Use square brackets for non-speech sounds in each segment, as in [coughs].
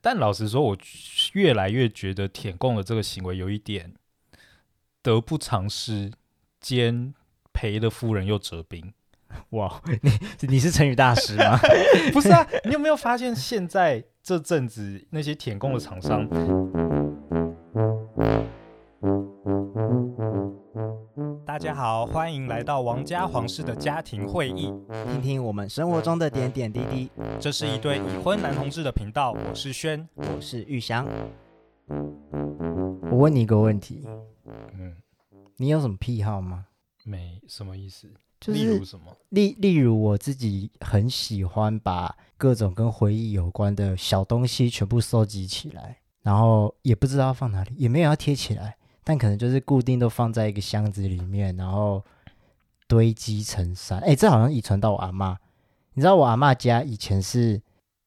但老實說，我越來越覺得舔共的這個行為有一點得不償失，兼賠了夫人又折兵。哇，你你是成語大師嗎？ [laughs] 不是啊，你有沒有發現現在這陣子那些舔共的廠商？大家好，歡迎來到王家黃室的家庭會議，聽聽我們生活中的點點滴滴。這是一對已婚男同志的頻道，我是軒，我是玉祥。我問你一個問題，嗯，你有什麼癖好嗎？沒，什麼意思？就是、例如什麼？例例如，我自己很喜歡把各種跟回憶有關的小東西全部收集起來，然後也不知道放哪裡，也沒有要貼起來。但可能就是固定都放在一個箱子裡面，然後堆積成山。哎，這好像遺傳到我阿媽。你知道我阿媽家以前是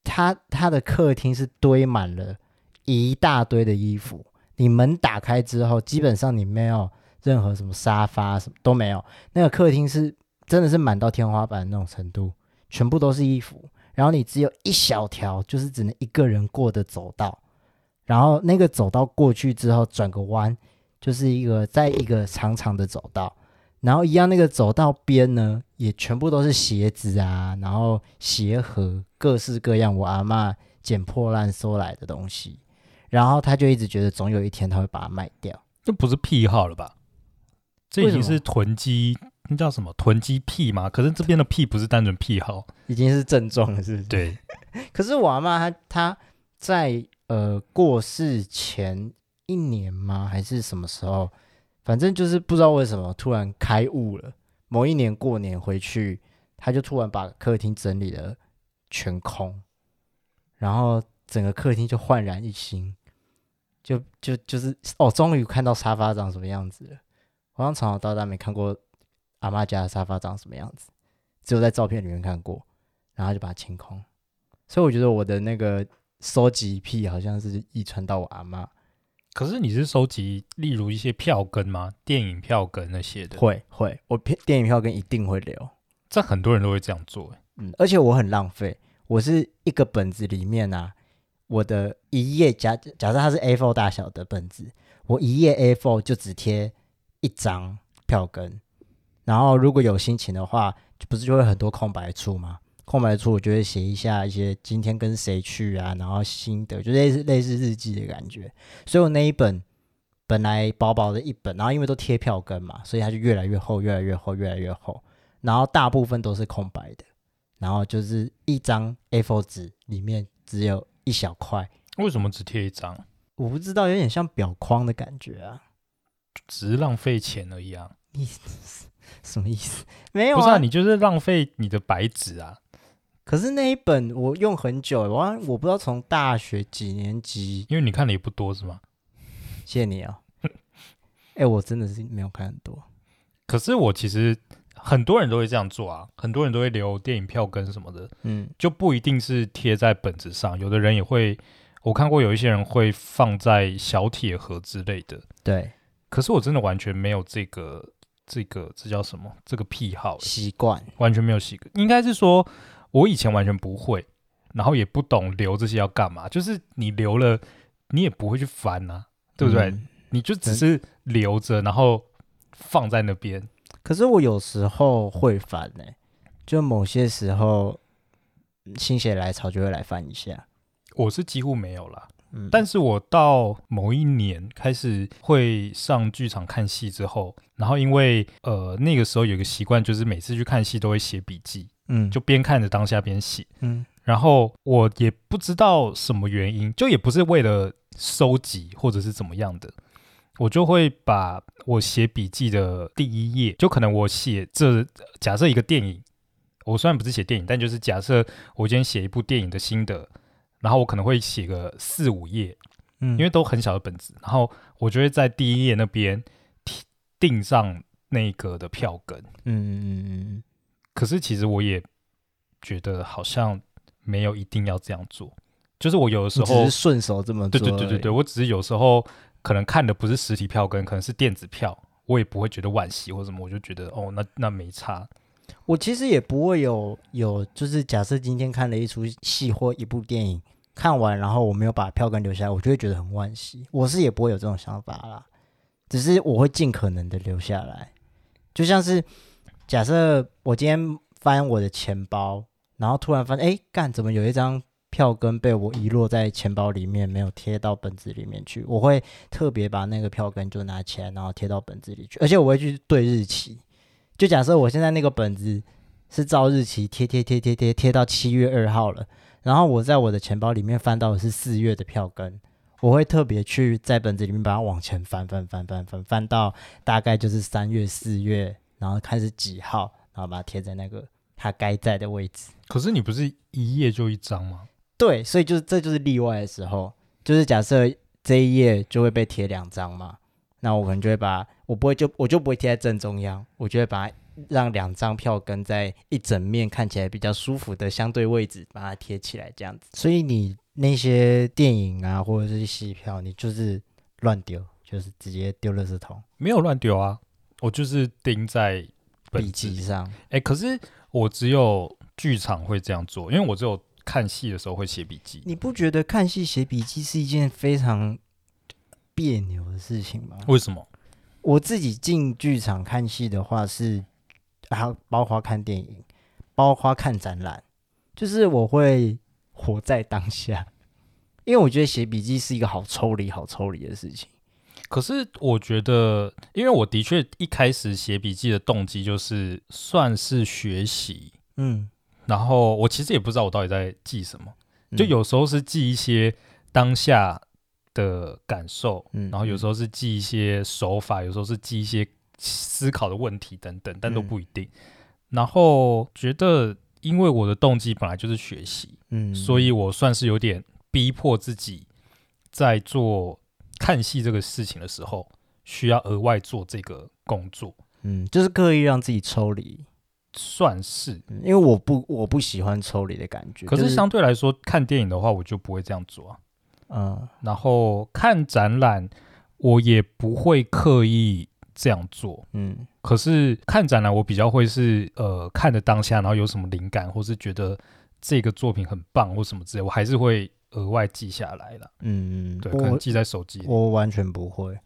她，她的客廳是堆滿了一大堆的衣服。你門打開之後，基本上你沒有任何什麼沙發什麼都沒有。那個客廳是真的是滿到天花板那種程度，全部都是衣服。然後你只有一小條，就是只能一個人過的走道。然後那個走道過去之後，轉個彎。就是一個在一個長長的走道，然後一樣那個走道邊呢，也全部都是鞋子啊，然後鞋盒、各式各樣我阿嬤撿破爛收來的東西，然後他就一直覺得總有一天他會把它賣掉。這不是癖好了吧？這已經是囤積，那叫什麼囤積癖嗎？可是這邊的癖不是單純癖好，已經是症狀了是不是？對。 [laughs] 可是我阿嬤她她在呃過世前。一年嗎？還是什麼時候？反正就是不知道為什麼突然開悟了。某一年過年回去，他就突然把客廳整理了全空，然後整個客廳就煥然一新，就就就是哦，終於看到沙發長什麼樣子了。我好像從小到大沒看過阿媽家的沙發長什麼樣子，只有在照片裡面看過。然後就把它清空，所以我覺得我的那個收集癖好像是遺傳到我阿媽。可是你是收集例如一些票根嗎？電影票根那些的？會會，我片電影票根一定會留。這很多人都會這樣做，嗯，而且我很浪費。我是一個本子裡面啊，我的一頁假假設它是 A4 大小的本子，我一頁 A4 就只貼一張票根，然後如果有心情的話，不是就會很多空白處嗎？空白處，我就會寫一下一些今天跟誰去啊，然後心得，就類似類似日記的感覺。所以我那一本本來薄薄的一本，然後因為都貼票根嘛，所以它就越來越厚，越來越厚，越來越厚。然後大部分都是空白的，然後就是一張 A4 紙裡面只有一小塊。為什麼只貼一張？我不知道，有點像表框的感覺啊，只是浪費錢而已啊。你什麼意思？沒有啊，不是啊，你就是浪費你的白紙啊。可是那一本我用很久，我我不知道從大學幾年級，因為你看的也不多是嗎？ [laughs] 謝謝你啊、哦，哎、 [laughs] 欸，我真的是沒有看很多。可是我其實很多人都會這樣做啊，很多人都會留電影票根什麼的，嗯，就不一定是貼在本子上，有的人也會，我看過有一些人會放在小鐵盒之類的。對，可是我真的完全沒有這個這個這叫什麼？這個癖好習慣，慣完全沒有習慣，應該是說。我以前完全不會，然後也不懂留這些要幹嘛，就是你留了，你也不會去翻啊，對不對？嗯、你就只是留着，然後放在那邊。可是我有時候會翻哎、欸，就某些時候心血來潮就會來翻一下。我是幾乎沒有啦，嗯，但是我到某一年開始會上劇場看戲之後，然後因為呃那個時候有一個習慣，就是每次去看戲都會寫筆記。嗯，就邊看着當下邊寫，嗯，然後我也不知道什麼原因，就也不是為了收集或者是怎麼樣的，我就會把我寫筆記的第一頁，就可能我寫這假設一個電影，我雖然不是寫電影，但就是假設我今天寫一部電影的心得，然後我可能會寫個四五頁，嗯，因為都很小的本子，然後我就會在第一頁那邊訂上那個的票根，嗯。嗯嗯可是其實我也覺得好像沒有一定要這樣做，就是我有的時候只是順手這麼做，對對對對對，我只是有時候可能看的不是實體票根，可能是電子票，我也不會覺得惋惜或什麼，我就覺得哦，那那沒差。我其實也不會有有，就是假設今天看了一出戲或一部電影，看完然後我沒有把票根留下來，我就會覺得很惋惜。我是也不會有這種想法啦，只是我會盡可能的留下來，就像是。假設我今天翻我的錢包，然後突然發現，哎，幹，怎麼有一張票根被我遺落在錢包裡面，沒有貼到本子裡面去？我會特別把那個票根就拿起來，然後貼到本子裡去。而且我會去對日期。就假設我現在那個本子是照日期貼貼貼貼貼貼，貼到七月二號了，然後我在我的錢包裡面翻到的是四月的票根，我會特別去在本子裡面把它往前翻翻翻翻翻翻，翻到大概就是三月、四月。然後看是幾號，然後把它貼在那個它該在的位置。可是你不是一頁就一張嗎？對，所以就是這就是例外的時候，就是假設這一頁就會被貼兩張嘛，那我可能就會把，我不會就我就不會貼在正中央，我就會把它讓兩張票跟在一整面看起來比較舒服的相對位置，把它貼起來這樣子。所以你那些電影啊或者是戲票，你就是亂丟，就是直接丟垃圾桶？沒有亂丟啊。我就是盯在本筆記上，哎，可是我只有劇場會這樣做，因為我只有看戲的時候會寫筆記。你不覺得看戲寫筆記是一件非常別扭的事情嗎？為什麼？我自己進劇場看戲的話是，是還包括看電影、包括看展覽，就是我會活在當下，因為我覺得寫筆記是一個好抽離、好抽離的事情。可是我覺得，因為我的確一開始寫筆記的動機就是算是學習，嗯，然後我其實也不知道我到底在記什麼，嗯、就有時候是記一些當下的感受，嗯、然後有時候是記一些手法，嗯、有時候是記一些思考的問題等等，但都不一定。嗯、然後覺得，因為我的動機本來就是學習，嗯，所以我算是有點逼迫自己在做。看戲這個事情的時候，需要額外做這個工作，嗯，就是刻意讓自己抽離，算是、嗯，因為我不我不喜歡抽離的感覺。可是相對來說，就是、看電影的話，我就不會這樣做啊，嗯，然後看展覽我也不會刻意這樣做，嗯，可是看展覽我比較會是呃看的當下，然後有什麼靈感，或是覺得這個作品很棒，或什麼之類，我還是會。額外記下來了，嗯，對，可能記在手機。我完全不會，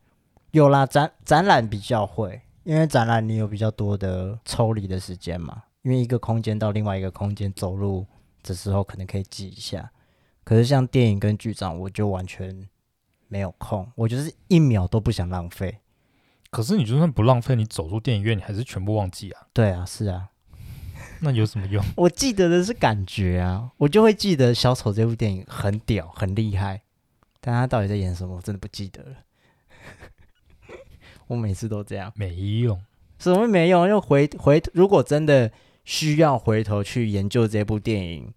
有啦展展覽比較會，因為展覽你有比較多的抽離的時間嘛，因為一個空間到另外一個空間走路的時候，可能可以記一下。可是像電影跟劇場，我就完全沒有空，我就是一秒都不想浪費。可是你就算不浪費，你走出電影院，你還是全部忘記啊。對啊，是啊。那有什麼用？我記得的是感覺啊，我就會記得《小丑》這部電影很屌，很厲害，但他到底在演什麼，我真的不記得了。 [laughs] 我每次都這樣，沒用。什麼沒用？因為回回如果真的需要回頭去研究這部電影，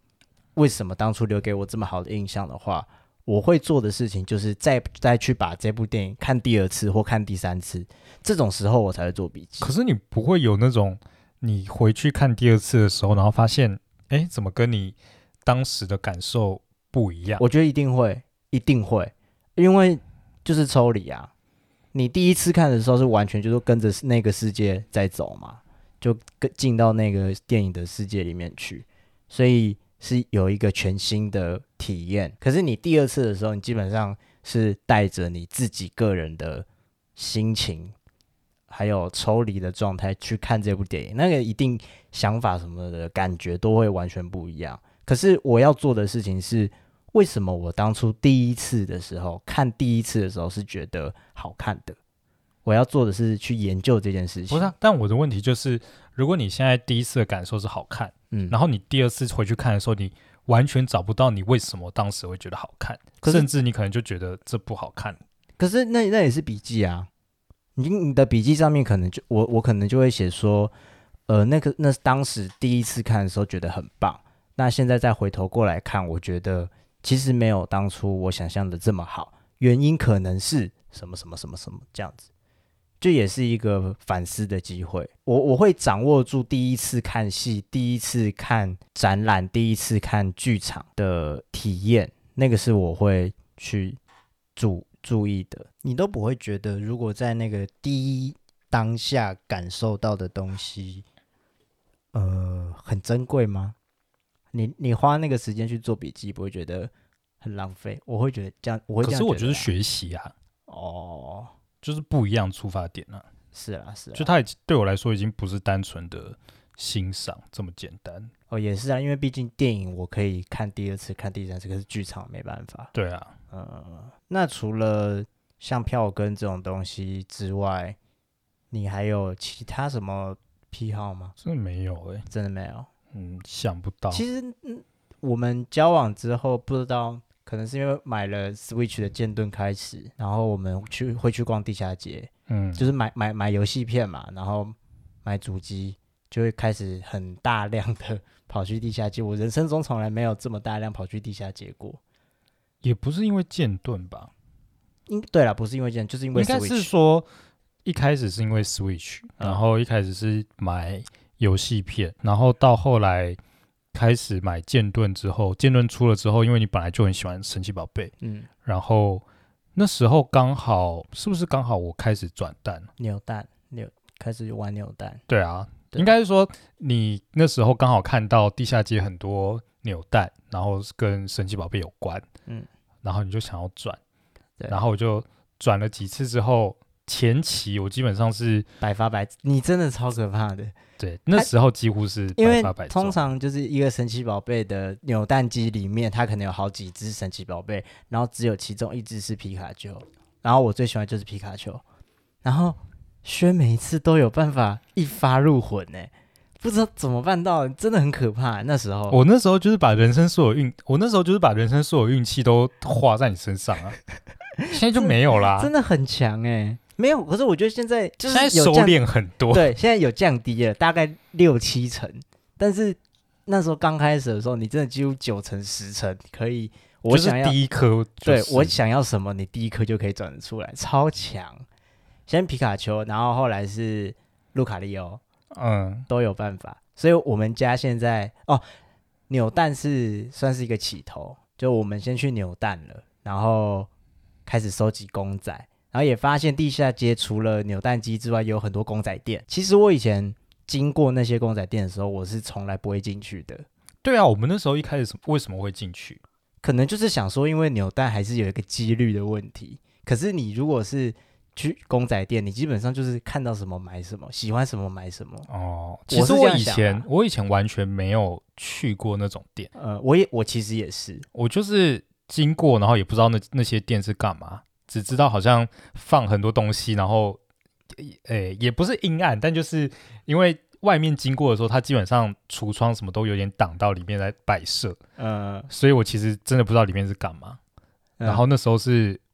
為什麼當初留給我這麼好的印象的話，我會做的事情就是再再去把這部電影看第二次或看第三次。這種時候我才會做筆記。可是你不會有那種。你回去看第二次的時候，然後發現，誒，怎麼跟你當時的感受不一樣？我覺得一定會，一定會，因為就是抽離啊。你第一次看的時候是完全就是跟着那個世界在走嘛，就跟進到那個電影的世界裡面去，所以是有一個全新的體驗。可是，你第二次的時候，你基本上是帶着你自己個人的心情。還有抽離的狀態去看這部電影，那個一定想法什麼的感覺都會完全不一樣。可是我要做的事情是，為什麼我當初第一次的時候看第一次的時候是覺得好看的？我要做的是去研究這件事情。不是，但我的問題就是，如果你現在第一次的感受是好看，嗯，然後你第二次回去看的時候，你完全找不到你為什麼當時會覺得好看，是甚至你可能就覺得這不好看。可是那那也是筆記啊。你你的筆記上面可能就我我可能就會寫說，呃，那個那是當時第一次看的時候覺得很棒，那現在再回頭過來看，我覺得其實沒有當初我想象的這麼好，原因可能是什麼什麼什麼什麼這樣子，這也是一個反思的機會。我我會掌握住第一次看戲、第一次看展覽、第一次看劇場的體驗，那個是我會去注。注意的，你都不會覺得，如果在那個第一當下感受到的東西，呃，很珍貴嗎？你你花那個時間去做筆記，不會覺得很浪費？我會覺得這樣，我會這樣、啊。可是我覺得學習啊，哦，就是不一樣出發點啊。是啊，是啊，是啊。就它已對我來說已經不是單純的欣賞這麼簡單。哦，也是啊，因為畢竟電影我可以看第二次、看第三次，可是劇場沒辦法。對啊。呃，那除了像票根這種東西之外，你還有其他什麼癖好嗎？真的沒有誒、欸，真的沒有，嗯，想不到。其實我們交往之後不知道，可能是因為買了 Switch 的劍盾開始，然後我們去會去逛地下街，嗯，就是買買買遊戲片嘛，然後買主機，就會開始很大量的跑去地下街。我人生中從來沒有這麼大量跑去地下街過。也不是因為劍盾吧？因、嗯、對啦，不是因為劍，就是因為應該是說，一開始是因為 Switch，然後一開始是買遊戲片，嗯、然後到後來開始買劍盾之後，劍盾出了之後，因為你本來就很喜歡神奇寶貝，嗯，然後那時候剛好是不是剛好我開始轉蛋扭蛋扭開始玩扭蛋？對啊，對應該是說你那時候剛好看到地下街很多。扭蛋，然後跟神奇寶貝有關，嗯，然後你就想要轉，對然後我就轉了幾次之後，前期我基本上是百發百，你真的超可怕的，對，那時候幾乎是百發百中，啊，通常就是一個神奇寶貝的扭蛋機裡面，它可能有好幾隻神奇寶貝，然後只有其中一隻是皮卡丘，然後我最喜歡的就是皮卡丘，然後軒每一次都有辦法一發入魂哎，欸。不知道怎麼辦到，真的很可怕。那時候，我那時候就是把人生所有運，我那時候就是把人生所有運氣都花在你身上啊。 [laughs] 現在就沒有啦。真的很強誒、欸。沒有。可是我覺得現在就是現在收斂很多。對，現在有降低了，大概六七成。但是那時候剛開始的時候，你真的幾乎九成十成可以。我想要是第一顆、就是，對我想要什麼，你第一顆就可以轉得出來，超強。先皮卡丘，然後後來是路卡利歐。嗯，都有辦法，所以我們家現在哦，扭蛋是算是一個起頭，就我們先去扭蛋了，然後開始收集公仔，然後也發現地下街除了扭蛋機之外，有很多公仔店。其實我以前經過那些公仔店的時候，我是從來不會進去的。對啊，我們那時候一開始為什麼會進去？可能就是想說，因為扭蛋還是有一個幾率的問題，可是你如果是。去公仔店，你基本上就是看到什麼買什麼，喜歡什麼買什麼。哦，其實我以前我,我以前完全沒有去過那種店。呃，我也我其實也是，我就是經過，然後也不知道那那些店是幹嘛，只知道好像放很多東西，然後，誒、欸，也不是陰暗，但就是因為外面經過的時候，它基本上櫥窗什麼都有點擋到裡面來擺設。嗯、呃，所以我其實真的不知道裡面是幹嘛。然後那時候是。呃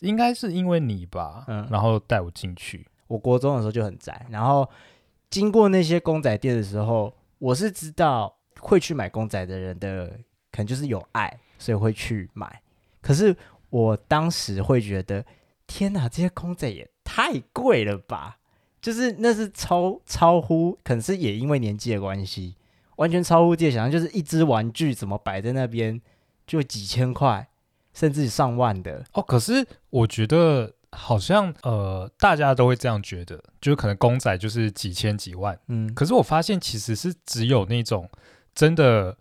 應該是因為你吧，嗯、然後帶我進去。我國中的時候就很宅，然後經過那些公仔店的時候，我是知道會去買公仔的人的，可能就是有愛，所以會去買。可是我當時會覺得，天哪、啊，這些公仔也太貴了吧！就是那是超超乎，可能是也因為年紀的關係，完全超乎自己的想象，就是一隻玩具怎麼擺在那邊就幾千塊。甚至上萬的哦，可是我覺得好像呃，大家都會這樣覺得，就是可能公仔就是幾千幾萬，嗯，可是我發現其實是只有那種真的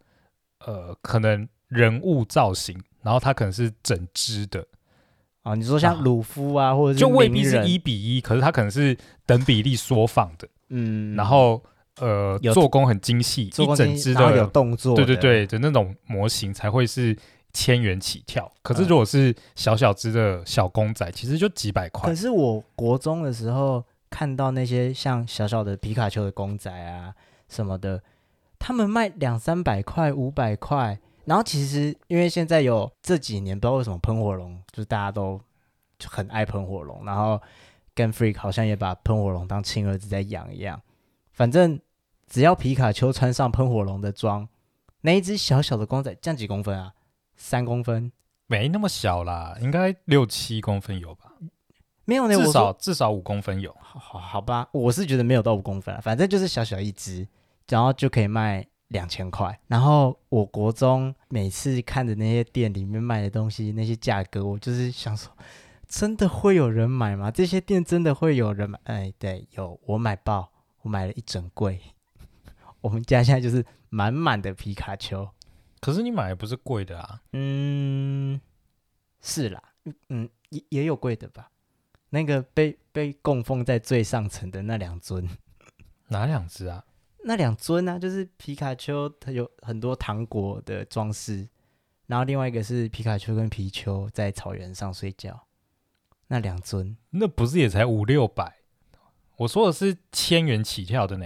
呃，可能人物造型，然後它可能是整隻的啊，你說像魯夫啊，啊或者是就未必是一比一，可是它可能是等比例縮放的，嗯，然後呃，有做工很精細，一整隻都有動作，對對對，就那種模型才會是。千元起跳，可是如果是小小隻的小公仔，嗯、其實就幾百塊。可是我國中的時候看到那些像小小的皮卡丘的公仔啊什麼的，他們賣兩三百塊、五百塊。然後其實因為現在有這幾年不知道為什麼噴火龍，就是大家都就很愛噴火龍，然後 Game Freak 好像也把噴火龍當親兒子在養一樣。反正只要皮卡丘穿上噴火龍的裝，那一只小小的公仔降幾公分啊！三公分，沒那麼小啦，應該六七公分有吧？沒有，那至少說至少五公分有。好，好，好，好吧，我是覺得沒有到五公分，反正就是小小一隻，然後就可以賣兩千塊。然後我國中每次看的那些店裡面賣的東西，那些價格，我就是想說，真的會有人買嗎？這些店真的會有人買？哎，對，有我買爆，我買了一整櫃， [laughs] 我們家現在就是滿滿的皮卡丘。可是你買也不是貴的啊。嗯，是啦，嗯也也有貴的吧？那個被被供奉在最上層的那兩尊，哪兩隻啊？那兩尊啊，就是皮卡丘，它有很多糖果的裝飾，然後另外一個是皮卡丘跟皮丘在草原上睡覺，那兩尊，那不是也才五六百？我說的是千元起跳的呢。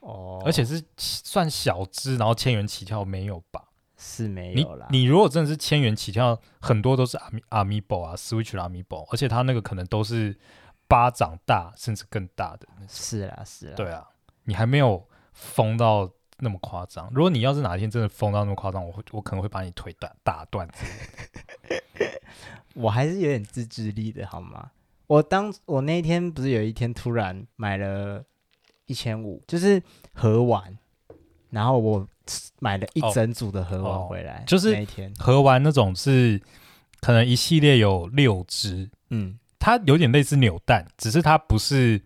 哦，而且是算小隻，然後千元起跳沒有吧？是沒有啦，你，你如果真的是千元起跳，很多都是阿米阿米波啊，Switch 阿米波，而且它那個可能都是巴掌大，甚至更大的是啦。是啦，是啦。對啊，你還沒有瘋到那麼誇張。如果你要是哪一天真的瘋到那麼誇張，我會我可能會把你腿打打斷。斷 [laughs] [laughs] 我還是有點自制力的，好嗎？我當我那一天不是有一天突然買了一千五，就是盒玩。然後我買了一整組的盒玩回來，哦哦、就是盒玩那種是可能一系列有六隻，嗯，它有點類似扭蛋，只是它不是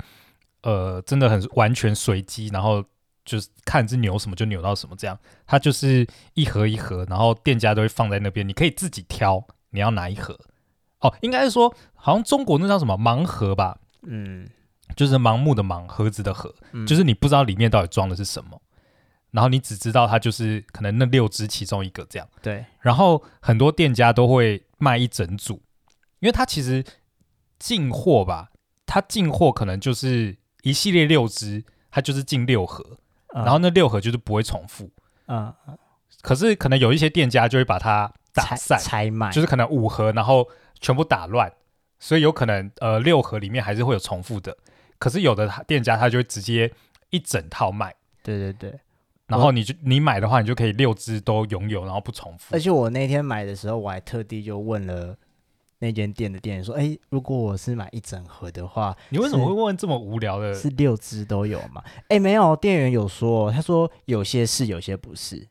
呃真的很完全隨機，然後就是看是扭什麼就扭到什麼這樣，它就是一盒一盒，然後店家都會放在那邊，你可以自己挑你要哪一盒。哦，應該是說好像中國那叫什麼盲盒吧，嗯，就是盲目的盲盒子的盒，嗯、就是你不知道裡面到底裝的是什麼。然後你只知道它就是可能那六支其中一個這樣。對。然後很多店家都會賣一整組，因為它其實進貨吧，它進貨可能就是一系列六支，它就是進六盒，嗯。然後那六盒就是不會重複。嗯。可是可能有一些店家就會把它打散拆賣，就是可能五盒，然後全部打亂，所以有可能呃六盒裡面還是會有重複的。可是有的店家他就會直接一整套賣。對對對。然後你就你買的話，你就可以六隻都擁有，然後不重複。而且我那天買的時候，我還特地就問了那間店的店員說：“哎，如果我是買一整盒的話，你為什麼會問問這麼無聊的？是六隻都有嗎？”哎，沒有，店員有說，他說有些是，有些不是。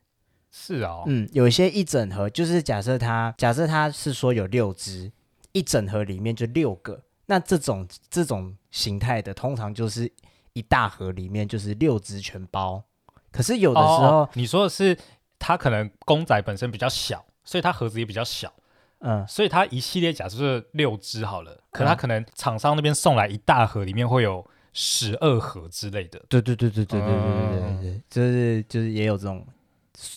是哦，嗯，有一些一整盒就是假設他假設他是說有六隻一整盒裡面就六個，那這種這種形態的通常就是一大盒裡面就是六隻全包。可是有的時候，哦，你說的是他可能公仔本身比較小，所以它盒子也比較小，嗯，所以它一系列假設是六隻好了。可他可能廠商那邊送來一大盒，裡面會有十二盒之類的。對對對對對對對對對，就是就是也有這種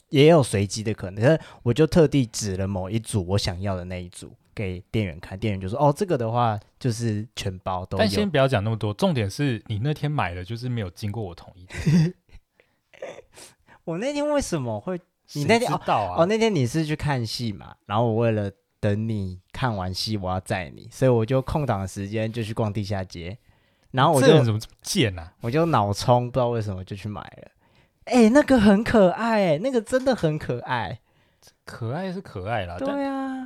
也有隨機的可能。是我就特地指了某一組我想要的那一組給店員看，店員就說：“哦，這個的話就是全包都有。但先不要講那麼多，重點是你那天買的就是沒有經過我同意。 [laughs] [laughs] 我那天為什麼會？你那天知道、啊、哦、我、哦、那天你是去看戲嘛？然後我為了等你看完戲，我要載你，所以我就空檔的時間就去逛地下街。然後我就這人怎麼這麼賤呢、啊？我就腦衝，不知道為什麼就去買了。哎、欸，那個很可愛，那個真的很可愛。可愛是可愛啦，對啊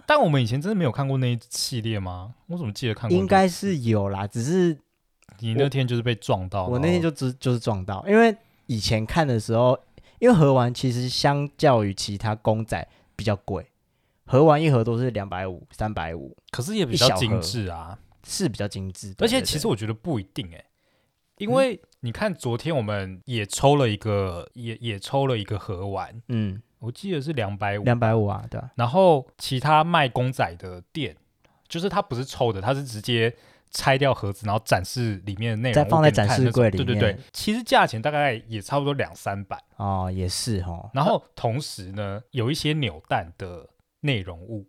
但。但我們以前真的沒有看過那一系列嗎？我怎麼記得看過、那個？應該是有啦，只是你那天就是被撞到，我那天就只就是撞到，因為。以前看的時候，因為盒玩其實相較於其他公仔比較貴，盒玩一盒都是兩百五、三百五，可是也比較精致啊，是比較精致。對對對對而且其實我覺得不一定誒、欸，因為你看昨天我們也抽了一個，嗯、也也抽了一個盒玩，嗯，我記得是兩百五，兩百五啊，對啊。然後其他賣公仔的店，就是它不是抽的，它是直接。拆掉盒子，然後展示裡面的內容，再放在展示櫃看看裡面。對對對，其實價錢大概也差不多兩三百哦。也是哦，然後同時呢，有一些扭蛋的內容物，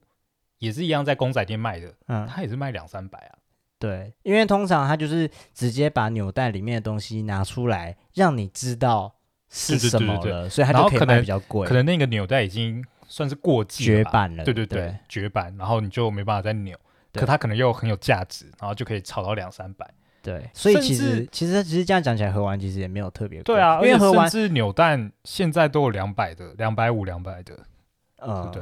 也是一樣在公仔店賣的，嗯，它也是賣兩三百啊。對，因為通常它就是直接把扭蛋裡面的東西拿出來，讓你知道是什麼的，對對對對對，所以它就可以可能比較貴。可能那個扭蛋已經算是過季了，絕版了，對對對，對，絕版，然後你就沒辦法再扭。可它可能又很有價值，然後就可以炒到兩三百。對，所以其實其實至其實這樣講起來，盒玩其實也沒有特別貴。對啊，因為盒玩甚至扭蛋現在都有兩百的、兩百五、兩百的，嗯、呃，對，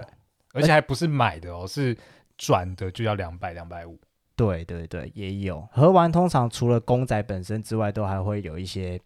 而且還不是買的哦，欸、是轉的就要兩百、兩百五。對對對，也有盒玩，完通常除了公仔本身之外，都還會有一些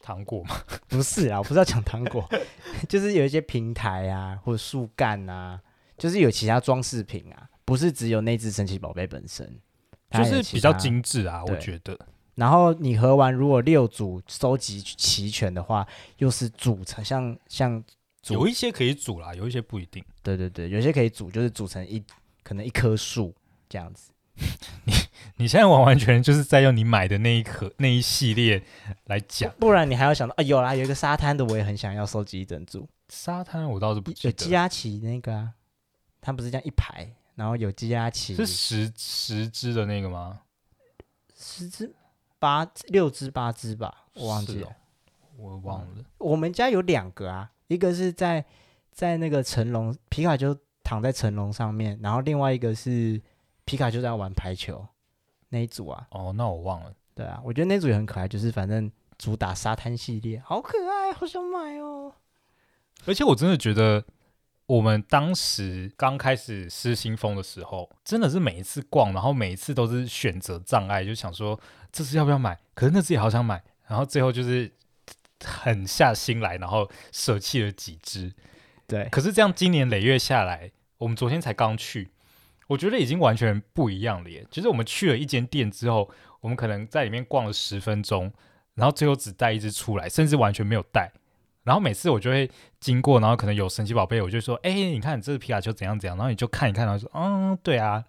糖果嘛。 [laughs] 不是啊，我不是要講糖果， [laughs] 就是有一些平台啊，或者樹幹啊，就是有其他裝飾品啊。不是只有那隻神奇寶貝本身，它就是比較精緻啊，對我覺得。然後你喝完，如果六組收集齊全的話，又是組成像像組有一些可以組啦，有一些不一定。對對對，有些可以組，就是組成一可能一棵樹這樣子。 [laughs] 你你現在完完全全就是在用你買的那一顆那一系列來講、哦。不然你還要想到啊，哎，有啦，有一個沙灘的我也很想要收集一整組。沙灘我倒是不記得。有加起那個啊，它不是這樣一排。然後有積壓起是十十隻的那個嗎？十隻八六隻八隻吧，我忘記了，哦、我忘了、嗯。我們家有兩個啊，一個是在在那個乘龍皮卡丘躺在乘龍上面，然後另外一個是皮卡丘在玩排球那一組啊。哦，那我忘了。對啊，我覺得那組也很可愛，就是反正主打沙灘系列，好可愛，好想買哦。而且我真的覺得。我們當時剛開始失心瘋的時候，真的是每一次逛，然後每一次都是選擇障礙，就想說這次要不要買？可是那次也好想買，然後最後就是狠下心來，然後捨棄了幾隻。對，可是這樣經年累月下來，我們昨天才剛去，我覺得已經完全不一樣了耶。就是我們去了一間店之後，我們可能在裡面逛了十分鐘，然後最後只帶一隻出來，甚至完全沒有帶。然後每次我就會經過，然後可能有神奇寶貝，我就說：“哎、欸，你看你這個皮卡丘怎樣怎樣。”然後你就看一看，然後說：“嗯，對啊。”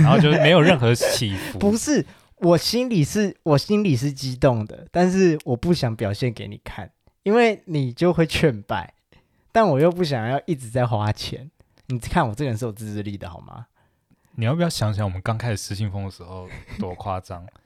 然後就是沒有任何起伏。 [laughs] 不是，我心裡是我心裡是激動的，但是我不想表現給你看，因為你就會勸敗。但我又不想要一直在花錢。你看我這個人是有自制力的好嗎？你要不要想想我們剛開始失心瘋的時候多誇張？ [laughs]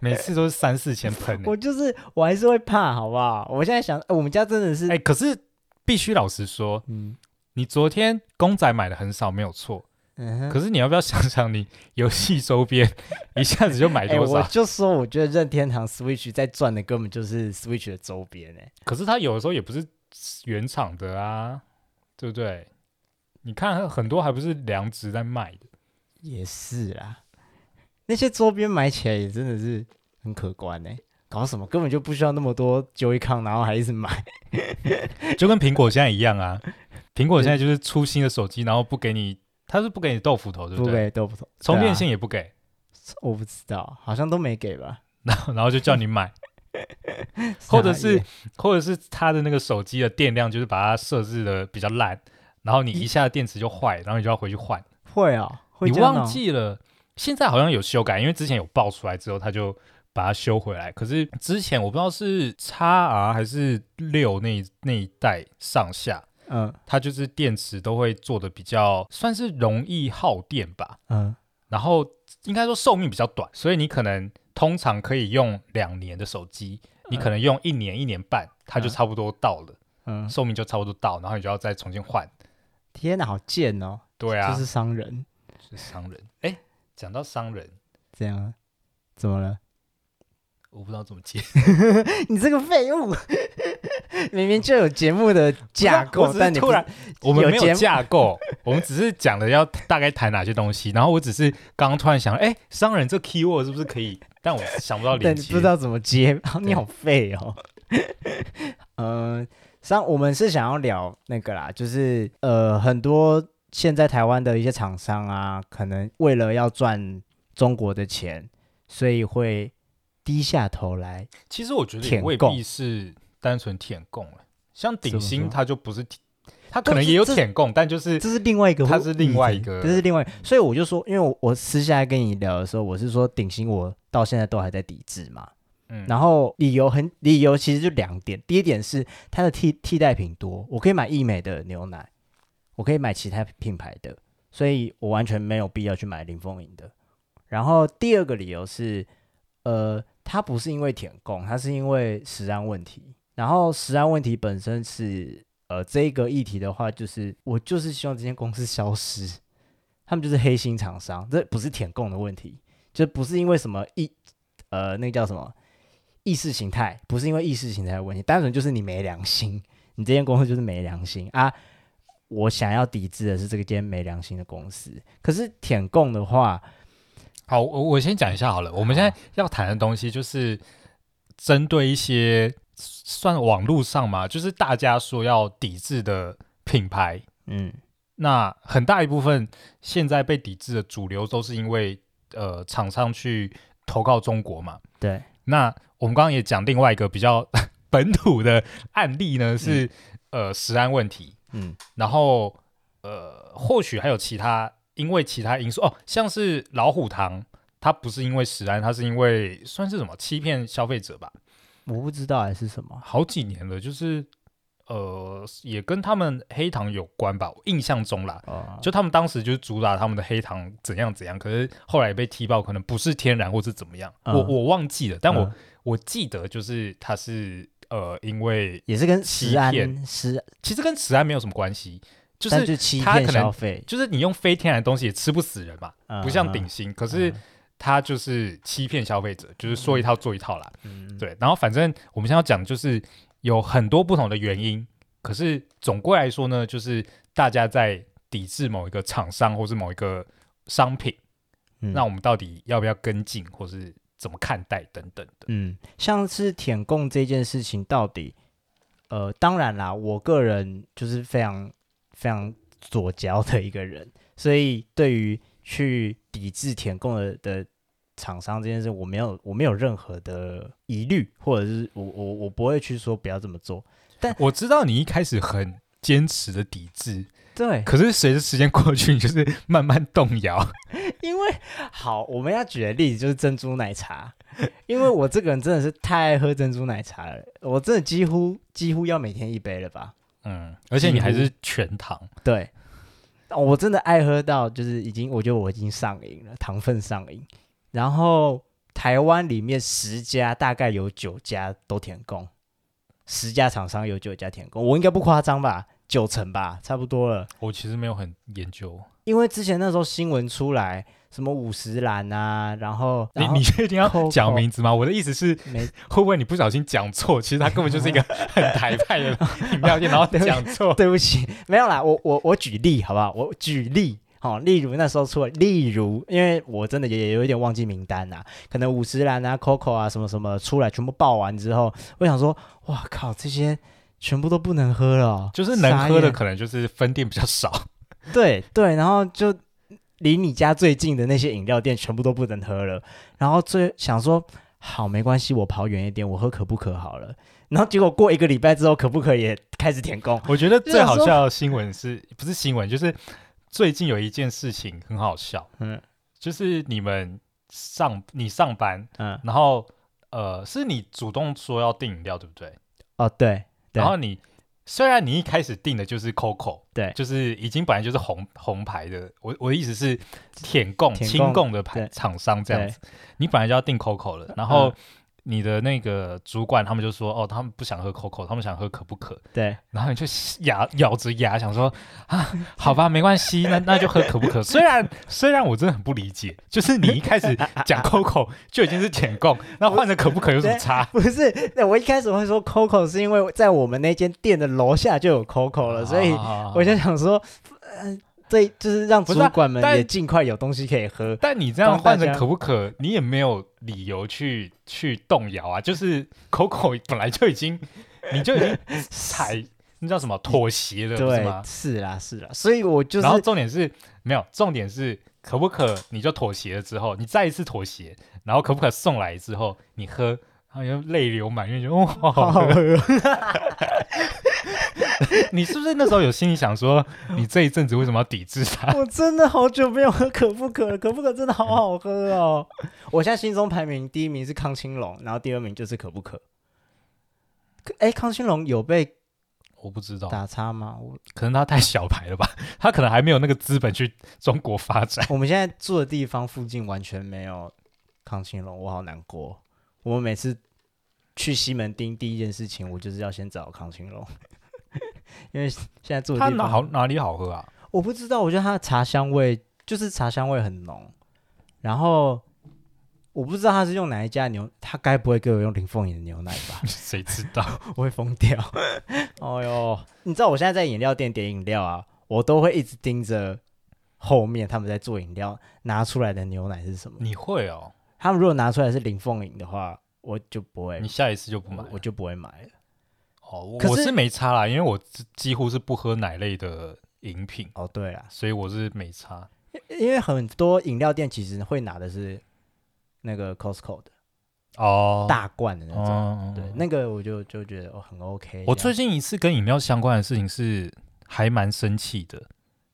每次都是三四千噴、欸欸、我就是我還是會怕，好不好？我現在想，欸、我們家真的是哎、欸，可是必須老實說，嗯，你昨天公仔買的很少，沒有錯，嗯哼，可是你要不要想想，你遊戲周邊一下子就買多少？欸、我就說，我覺得任天堂 Switch 在賺的根本就是 Switch 的周邊、欸，哎，可是它有的時候也不是原廠的啊，對不對？你看很多還不是良值在賣的，也是啦。那些周邊買起來也真的是很可觀呢、欸。搞什麼，根本就不需要那麼多 Joycon 然後還一直買， [laughs] 就跟蘋果現在一樣啊。蘋果現在就是出新的手機，然後不給你，它是不給你豆腐頭，對不對？不給豆腐頭，充電線也不給、啊。我不知道，好像都沒給吧。然後，然後就叫你買， [laughs] 意或者是，或者是它的那個手機的電量就是把它設置的比較爛，然後你一下電池就壞，然後你就要回去換、哦。會啊，你忘記了。現在好像有修改，因為之前有爆出來之後，他就把它修回來。可是之前我不知道是 XR 還是六那那一代上下，嗯，它就是電池都會做的比較算是容易耗電吧，嗯，然後應該說壽命比較短，所以你可能通常可以用兩年的手機，嗯、你可能用一年一年半它就差不多到了，嗯，嗯壽命就差不多到，然後你就要再重新換。天哪，好賤哦！對啊，這是商人，這是商人，誒。講到商人，這樣，怎麼了？我不知道怎麼接， [laughs] 你這個廢物， [laughs] 明明就有節目的架構，是我是但你突然我們沒有架構， [laughs] 我們只是講了要大概談哪些東西，然後我只是剛剛突然想，哎、欸，商人這 keyword 是不是可以？但我想不到連接，你不知道怎麼接，對你好廢哦。嗯、 [laughs] 呃，上我們是想要聊那個啦，就是呃很多。現在台灣的一些廠商啊，可能為了要賺中國的錢，所以會低下頭來。其實我覺得也未必是單純舔共了，像頂新，它就不是，它可能也有舔共，但，是是但就是這是另外一個，它是另外一個，這是另外一個。所以我就說，因為我，我私下來跟你聊的時候，我是說頂新，我到現在都還在抵制嘛。嗯。然後理由很理由其實就兩點，第一點是它的替替代品多，我可以買義美的牛奶。我可以買其他品牌的，所以我完全沒有必要去買林鳳營的。然後第二個理由是，呃，它不是因為舔共，它是因為食安問題。然後食安問題本身是，呃，這一個議題的話，就是我就是希望這間公司消失。他們就是黑心廠商，這不是舔共的問題，就不是因為什麼意，呃，那個、叫什麼意識形態，不是因為意識形態的問題，單純就是你沒良心，你這間公司就是沒良心啊。我想要抵制的是這個間沒良心的公司。可是舔共的話，好，我我先講一下好了。我們現在要談的東西就是針對一些算網絡上嘛，就是大家說要抵制的品牌。嗯，那很大一部分現在被抵制的主流都是因為呃廠商去投靠中國嘛。對。那我們剛剛也講另外一個比較本土的案例呢，是、嗯、呃食安問題。嗯，然後呃，或許還有其他，因為其他因素哦，像是老虎糖，它不是因為食安，它是因為算是什麼欺騙消費者吧？我不知道還是什麼，好幾年了，就是呃，也跟他們黑糖有關吧？我印象中啦，哦、就他們當時就是主打他們的黑糖怎樣怎樣，可是後來被踢爆，可能不是天然或是怎麼樣，嗯、我我忘記了，但我、嗯、我記得就是它是。呃，因為也是跟欺騙、食安，其實跟食安沒有什麼關係，就，欺騙就是他可能消費，就是你用非天然的東西也吃不死人嘛，嗯、不像頂新，嗯、可是他就是欺騙消費者，嗯、就是說一套做一套啦。嗯、對，然後反正我們現在講就是有很多不同的原因，可是總歸來說呢，就是大家在抵制某一個廠商或是某一個商品，嗯、那我們到底要不要跟進，或是？怎麼看待等等的？嗯，像是舔共這件事情，到底，呃，當然啦，我個人就是非常非常左膠的一個人，所以對於去抵制舔共的的廠商這件事，我沒有，我沒有任何的疑慮，或者是我我我不會去說不要這麼做。但我知道你一開始很堅持的抵制，對，可是隨着時間過去，你就是慢慢動搖。 [laughs] 因為好，我們要舉的例子就是珍珠奶茶，因為我這個人真的是太愛喝珍珠奶茶了，我真的幾乎幾乎要每天一杯了吧？嗯，而且你還是全糖，對，我真的愛喝到，就是已經我覺得我已經上癮了，糖分上癮。然後台灣裡面十家大概有九家都舔共，十家廠商有九家舔共，我應該不誇張吧？九成吧，差不多了。我其實沒有很研究，因為之前那時候新聞出來，什麼五十嵐啊，然後，然後你你確定要講名字嗎？口口我的意思是，會不會你不小心講錯？其實他根本就是一個很台派的飲 [laughs] [laughs] 料店，然後講錯 [laughs] 對，對不起，沒有啦。我我我舉例好不好？我舉例，好、哦，例如那時候出了，例如，因為我真的也有一點忘記名單啊，可能五十嵐啊、Coco 啊什麼什麼出來，全部報完之後，我想說，哇靠，這些。全部都不能喝了。哦，就是能喝的傻眼可能就是分店比較少，對。對對，然後就離你家最近的那些飲料店全部都不能喝了。然後最想說，好沒關係，我跑遠一點，我喝可不可好了。然後結果過一個禮拜之後，可不可以也開始舔共。我覺得最好笑的新聞是不是新聞？就是最近有一件事情很好笑。嗯，就是你們上你上班，嗯，然後呃，是你主動說要訂飲料，對不對？哦，對。然後你對雖然你一開始定的就是 COCO，CO，對，就是已經本來就是紅紅牌的，我我的意思是，舔共，親共，共的牌廠對商這樣子，你本來就要定 COCO CO 了，然後。嗯你的那個主管，他們就說哦，他們不想喝 Coco，他們想喝可不可？對，然後你就咬咬着牙想說啊，好吧，沒關係， [laughs] 那那就喝可不可？雖然雖然我真的很不理解， [laughs] 就是你一開始講 Coco [laughs] 就已經是舔共，那換成可不可有什麼差？不是，我一開始會說 Coco 是因為在我們那間店的樓下就有 Coco 了，啊、所以我就想說，嗯、呃。所以就是讓主管們也盡快有東西可以喝。啊、但，但你這樣換着可不可？你也沒有理由去去動搖啊！就是 Coco 口口本來就已經，你就已經踩是那叫什麼妥協了，對，嗎？是啦、啊，是啦、啊。所以我就是。然後重點是沒有，重點是可不可？你就妥協了之後，你再一次妥協，然後可不可送來之後你喝，然後淚流滿面，就得哇好好喝。 [laughs] [laughs] 你是不是那時候有心裡想說，你這一陣子為什麼要抵制他？我真的好久沒有喝可不可了，可不可真的好好喝哦！我現在心中排名第一名是康青龍，然後第二名就是可不可。哎、欸，康青龍有被我不知道打叉嗎？我可能他太小牌了吧，他可能還沒有那個資本去中國發展。我們現在住的地方附近完全沒有康青龍，我好難過。我每次。去西門町第一件事情，我就是要先找康青龍，因為現在做的好哪裡好喝啊？我不知道，我覺得它的茶香味就是茶香味很濃，然後我不知道他是用哪一家牛，他該不會給我用林鳳營的牛奶吧？誰知道？我會瘋掉！哎呦，你知道我現在在飲料店點飲料啊，我都會一直盯着後面他們在做飲料拿出來的牛奶是什麼？你會哦？他們如果拿出來是林鳳營的話。我就不會，你下一次就不買了，我，我就不會買了。哦，可是，我是沒差啦，因為我幾乎是不喝奶類的飲品。哦，對啊，所以我是沒差。因為很多飲料店其實會拿的是那個 Costco 的哦，大罐的那種。哦、對，那個我就就覺得哦很 OK。我最近一次跟飲料相關的事情是還蠻生氣的，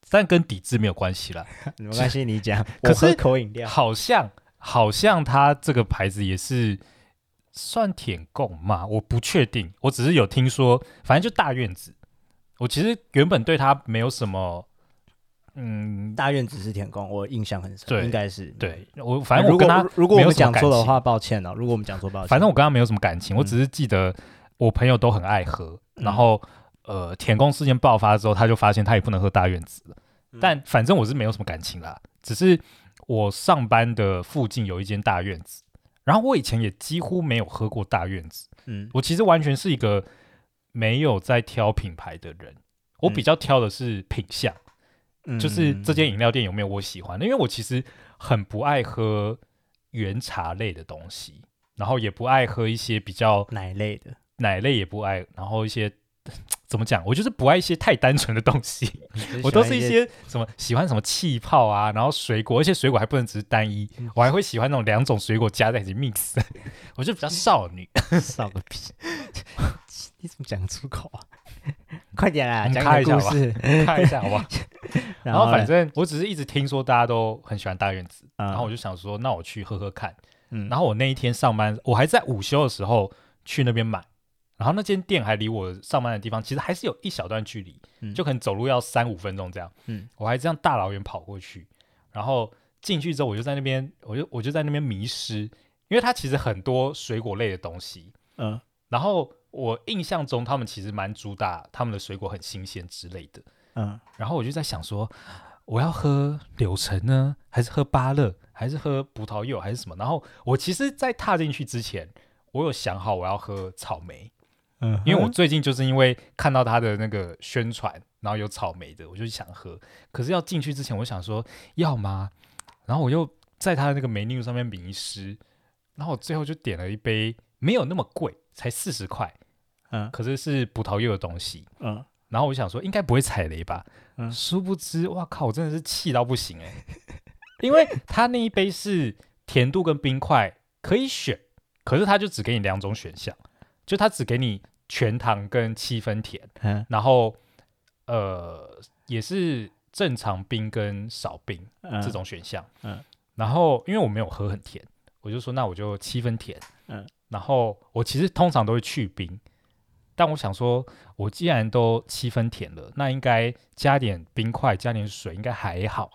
但跟抵制沒有關係啦。 [laughs] 沒關係係，就你講。我喝口飲料，好像好像它這個牌子也是。算舔共嗎？我不確定，我只是有聽說，反正就大院子。我其實原本對他沒有什麼，嗯，大院子是舔共，我印象很深，對應該是。對，我反正我跟他沒有，如果如果我們講錯的話，抱歉了，哦。如果我們講錯，抱歉。反正我跟他沒有什麼感情，我只是記得我朋友都很愛喝，嗯、然後呃，舔共事件爆發之後，他就發現他也不能喝大院子了。但反正我是沒有什麼感情啦，只是我上班的附近有一間大院子。然後我以前也幾乎沒有喝過大苑子。嗯，我其實完全是一個沒有在挑品牌的人，我比較挑的是品項，嗯、就是這間飲料店有沒有我喜歡的，嗯、因為我其實很不愛喝原茶類的東西，然後也不愛喝一些比較奶類的，奶類也不愛，然後一些。怎麼講？我就是不愛一些太單純的東西，嗯、就是，我都是一些什麼喜歡什麼氣泡啊，然後水果，而且水果還不能只是單一，嗯、我還會喜歡那種兩種水果加在一起 mix、嗯。我就比較少女，少個屁！ [laughs] 你怎麼講出口啊？嗯、快點啦，看一下吧，看一下好不好？然後，然後反正我只是一直聽說大家都很喜歡大苑子，嗯、然後我就想說，那我去喝喝看。嗯，然後我那一天上班，我還在午休的時候去那邊買。然後那間店還離我上班的地方其實還是有一小段距離，嗯、就可能走路要三五分鐘這樣。嗯，我還這樣大老遠跑過去，然後進去之後我就在那邊，我就我就在那邊迷失，因為它其實很多水果類的東西，嗯。然後我印象中他們其實蠻主打他們的水果很新鮮之類的，嗯。然後我就在想說，我要喝柳橙呢，還是喝芭樂，還是喝葡萄柚，還是什麼？然後我其實，在踏進去之前，我有想好我要喝草莓。嗯，因為我最近就是因為看到他的那個宣傳，然後有草莓的，我就想喝。可是要進去之前，我想說要嗎？然後我又在他的那個 menu 上面迷失，然後我最後就點了一杯沒有那麼貴，才四十塊。嗯，可是是葡萄柚的東西。嗯，然後我想說應該不會踩雷吧。嗯，殊不知，哇靠！我真的是氣到不行誒、欸。 [laughs] 因為他那一杯是甜度跟冰塊可以選，可是他就只給你兩種選項。就他只給你全糖跟七分甜，嗯、然後呃也是正常冰跟少冰、嗯、這種選項，嗯，然後因為我沒有喝很甜，我就說那我就七分甜，嗯，然後我其實通常都會去冰，但我想說，我既然都七分甜了，那應該加點冰塊，加點水應該還好，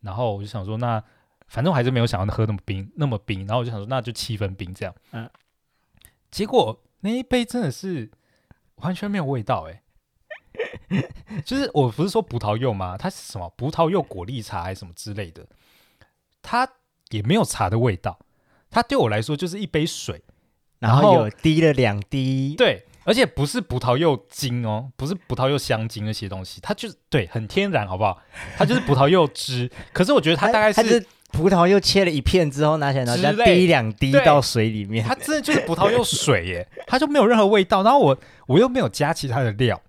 然後我就想說那，那反正我還是沒有想要喝那麼冰那麼冰，然後我就想說那就七分冰這樣，嗯，結果。那一杯真的是完全沒有味道欸， [laughs] 就是我不是說葡萄柚嗎？它是什麼？葡萄柚果粒茶還是什麼之類的？它也沒有茶的味道，它對我來說就是一杯水，然後，然後有滴了兩滴，對，而且不是葡萄柚精哦，不是葡萄柚香精那些東西，它就是對，很天然，好不好？它就是葡萄柚汁， [laughs] 可是我覺得它大概是。葡萄又切了一片之後，拿起來然後再滴兩滴之類到水裡面。它真的就是葡萄又水耶，它 [laughs] 就沒有任何味道。然後我我又沒有加其他的料，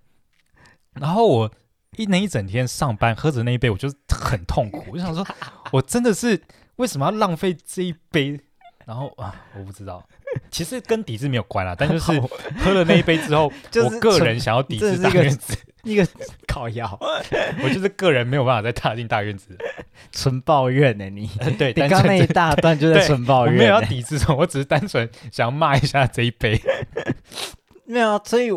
然後我一那一整天上班喝着那一杯，我就是很痛苦。我就想說，我真的是為什麼要浪費這一杯？然後啊，我不知道。其實跟抵制沒有關啦、啊，但就是喝了那一杯之後， [laughs] 就是、我個人想要抵制一個一個靠腰， [laughs] 我就是個人沒有辦法再踏進大院子， [laughs] 純抱怨呢、欸。你 [laughs] 對，你剛剛那一大段就在純抱怨，沒有要抵制什麼， [laughs] 我只是單純想要罵一下這一杯。 [laughs] 沒有、啊，所以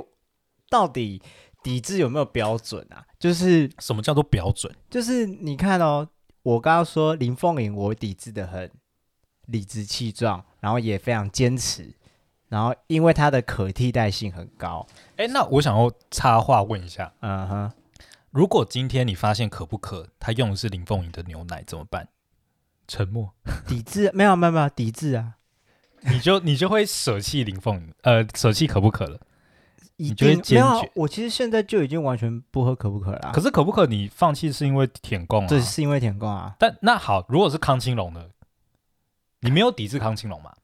到底抵制有沒有標準啊？就是什麼叫做標準？就是你看哦，我剛剛說林鳳營，我抵制得很。理直氣壯，然後也非常堅持，然後因為它的可替代性很高。哎，那我想要插話問一下，嗯哼，如果今天你發現可不可他用的是林鳳營的牛奶怎麼辦？沉默，抵制子？ [laughs] 沒有沒有沒有抵制啊！你就你就會捨棄林鳳營，呃，捨棄可不可了？經你覺得我其實現在就已經完全不喝可不可了、啊。可是可不可你放棄是因為舔共、啊、對，是因為舔共啊。但那好，如果是康青龍呢？你沒有抵制康青龍嗎？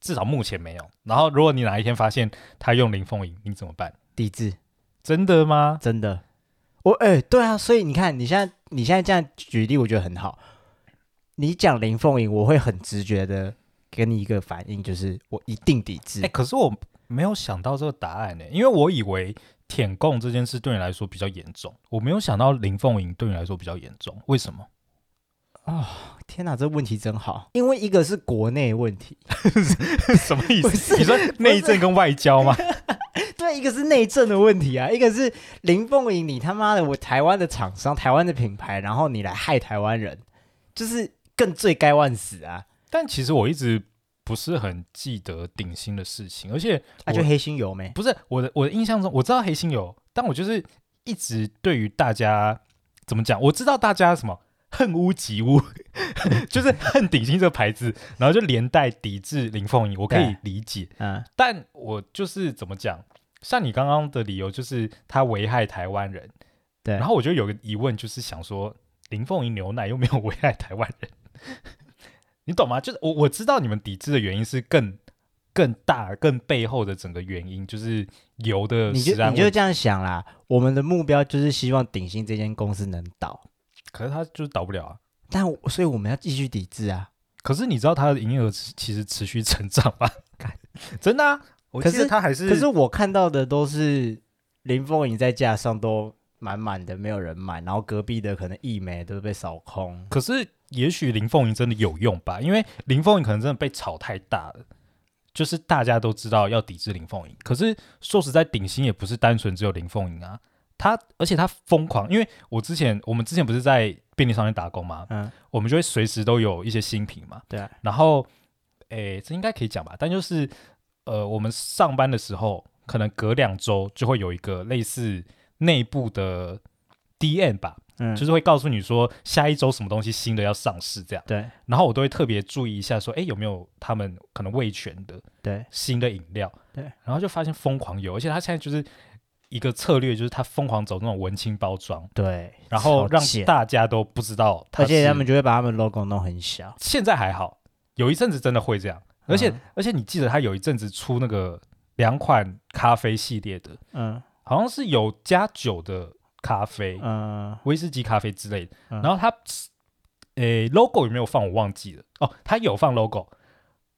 至少目前沒有。然後，如果你哪一天發現他用林鳳營，你怎麼辦？抵制。真的嗎？真的。我，誒、欸，對啊，所以你看，你現在你現在這樣舉例，我覺得很好。你講林鳳營，我會很直覺的給你一個反應，就是我一定抵制。誒、欸，可是我沒有想到這個答案呢、欸，因為我以為舔共這件事對你來說比較嚴重，我沒有想到林鳳營對你來說比較嚴重，為什麼？哦，天哪，這問題真好，因為一個是國內問題， [laughs] 什麼意思？是你說內政跟外交嗎？ [laughs] 對，一個是內政的問題啊，一個是林鳳營，你他媽的我，我台灣的廠商，台灣的品牌，然後你來害台灣人，就是更罪該萬死啊！但其實我一直不是很記得頂新的事情，而且啊，就黑心油沒？不是我的，我的印象中我知道黑心油，但我就是一直對於大家怎麼講，我知道大家什麼。恨屋及烏， [laughs] 就是恨頂新這個牌子，然後就連帶抵制林鳳營，我可以理解。嗯，但我就是怎麼講，像你剛剛的理由，就是它危害台灣人。對，然後我就有個疑問，就是想說林鳳營牛奶又沒有危害台灣人， [laughs] 你懂嗎？就是我我知道你們抵制的原因是更更大更背後的整個原因，就是油的。你就你就這樣想啦，我們的目標就是希望頂新這間公司能倒。可是他就是倒不了啊，但所以我們要繼續抵制啊。可是你知道他的營業額其實持續成長嗎？幹真的啊，可是他還是……可是我看到的都是林鳳營在架上都滿滿的，沒有人買，然後隔壁的可能一枚都被掃空。嗯、可是也許林鳳營真的有用吧，因為林鳳營可能真的被炒太大了，就是大家都知道要抵制林鳳營。可是說實在，頂新也不是單純只有林鳳營啊。他，而且他瘋狂，因為我之前我們之前不是在便利商店打工嘛，嗯，我們就會隨時都有一些新品嘛，對。然後，誒，這應該可以講吧？但就是，呃，我們上班的時候，可能隔兩週就會有一個類似內部的 DM 吧，嗯，就是會告訴你說下一週什麼東西新的要上市這樣，對。然後我都會特別注意一下，說，誒，有沒有他們可能味全的，對，新的飲料，對。然後就發現瘋狂有，而且他現在就是。一個策略就是他瘋狂走那種文青包裝，對，然後讓大家都不知道他。而且他們就會把他們 logo 弄很小。現在還好，有一陣子真的會這樣。嗯、而且而且你記得他有一陣子出那個兩款咖啡系列的，嗯，好像是有加酒的咖啡，嗯，威士忌咖啡之類的。嗯、然後他，誒、呃，logo 有沒有放我忘記了？哦，他有放 logo。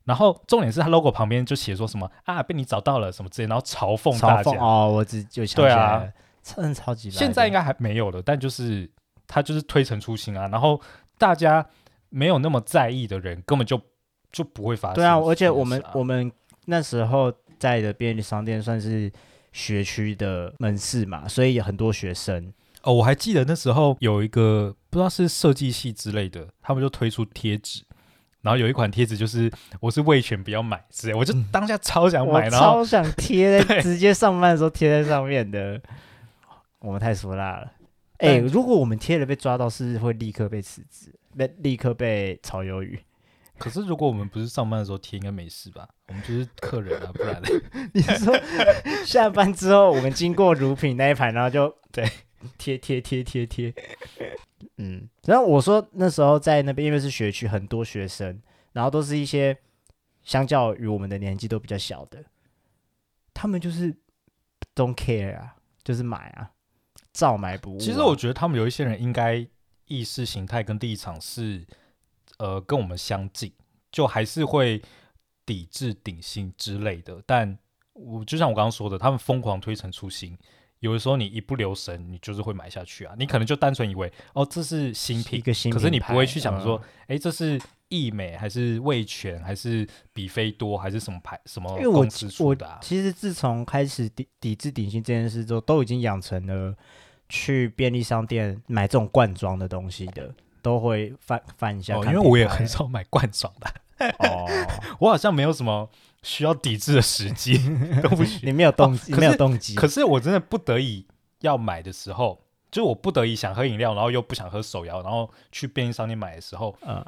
然後重點是他 logo 旁邊就寫說什麼啊，被你找到了什麼之類，然後嘲諷大家哦。我只就對啊，真的超級亂，現在應該還沒有了，但就是他就是推陳出新啊，然後大家沒有那麼在意的人根本就就不會發生對啊，而且我們我們那時候在的便利商店算是學區的門市嘛，所以有很多學生哦。我還記得那時候有一個不知道是設計系之類的，他們就推出貼紙。然後有一款貼紙，就是我是味全，不要買，是我就當下超想買，然後超想貼在直接上班的時候貼在上面的。對我們太俗辣了，哎但、欸，如果我們貼了被抓到，是會立刻被辭職，立刻被炒魷魚。可是如果我們不是上班的時候貼，應該沒事吧？ [laughs] 我們就是客人啊，不然的。你說 [laughs] 下班之後，我們經過乳品那一排， [laughs] 然後就對貼，貼貼貼貼貼。嗯，然後我說那時候在那邊，因為是學區，很多學生，然後都是一些相較於我們的年紀都比較小的，他們就是 don't care 啊，就是買啊，照買不誤。其實我覺得他們有一些人應該意識形態跟立場是呃跟我們相近，就還是會抵制頂新之類的。但我就像我剛剛說的，他們瘋狂推陳出新。有的時候你一不留神，你就是會買下去啊！你可能就單純以為、嗯、哦，這是新品，新品。可是你不會去想說，哎、嗯欸，這是義美還是味全還是比菲多還是什麼牌什麼、啊？因為我我其實自從開始抵抵制頂新這件事之後，都已經養成了去便利商店買這種罐裝的東西的，都會翻翻一下、哦，因為我也很少買罐裝的， [laughs] 哦、我好像沒有什麼。需要抵制的時機都不需， [laughs] 你沒有動機、啊，可是我真的不得已要買的時候，就是我不得已想喝飲料，然後又不想喝手搖，然後去便利商店買的時候，嗯，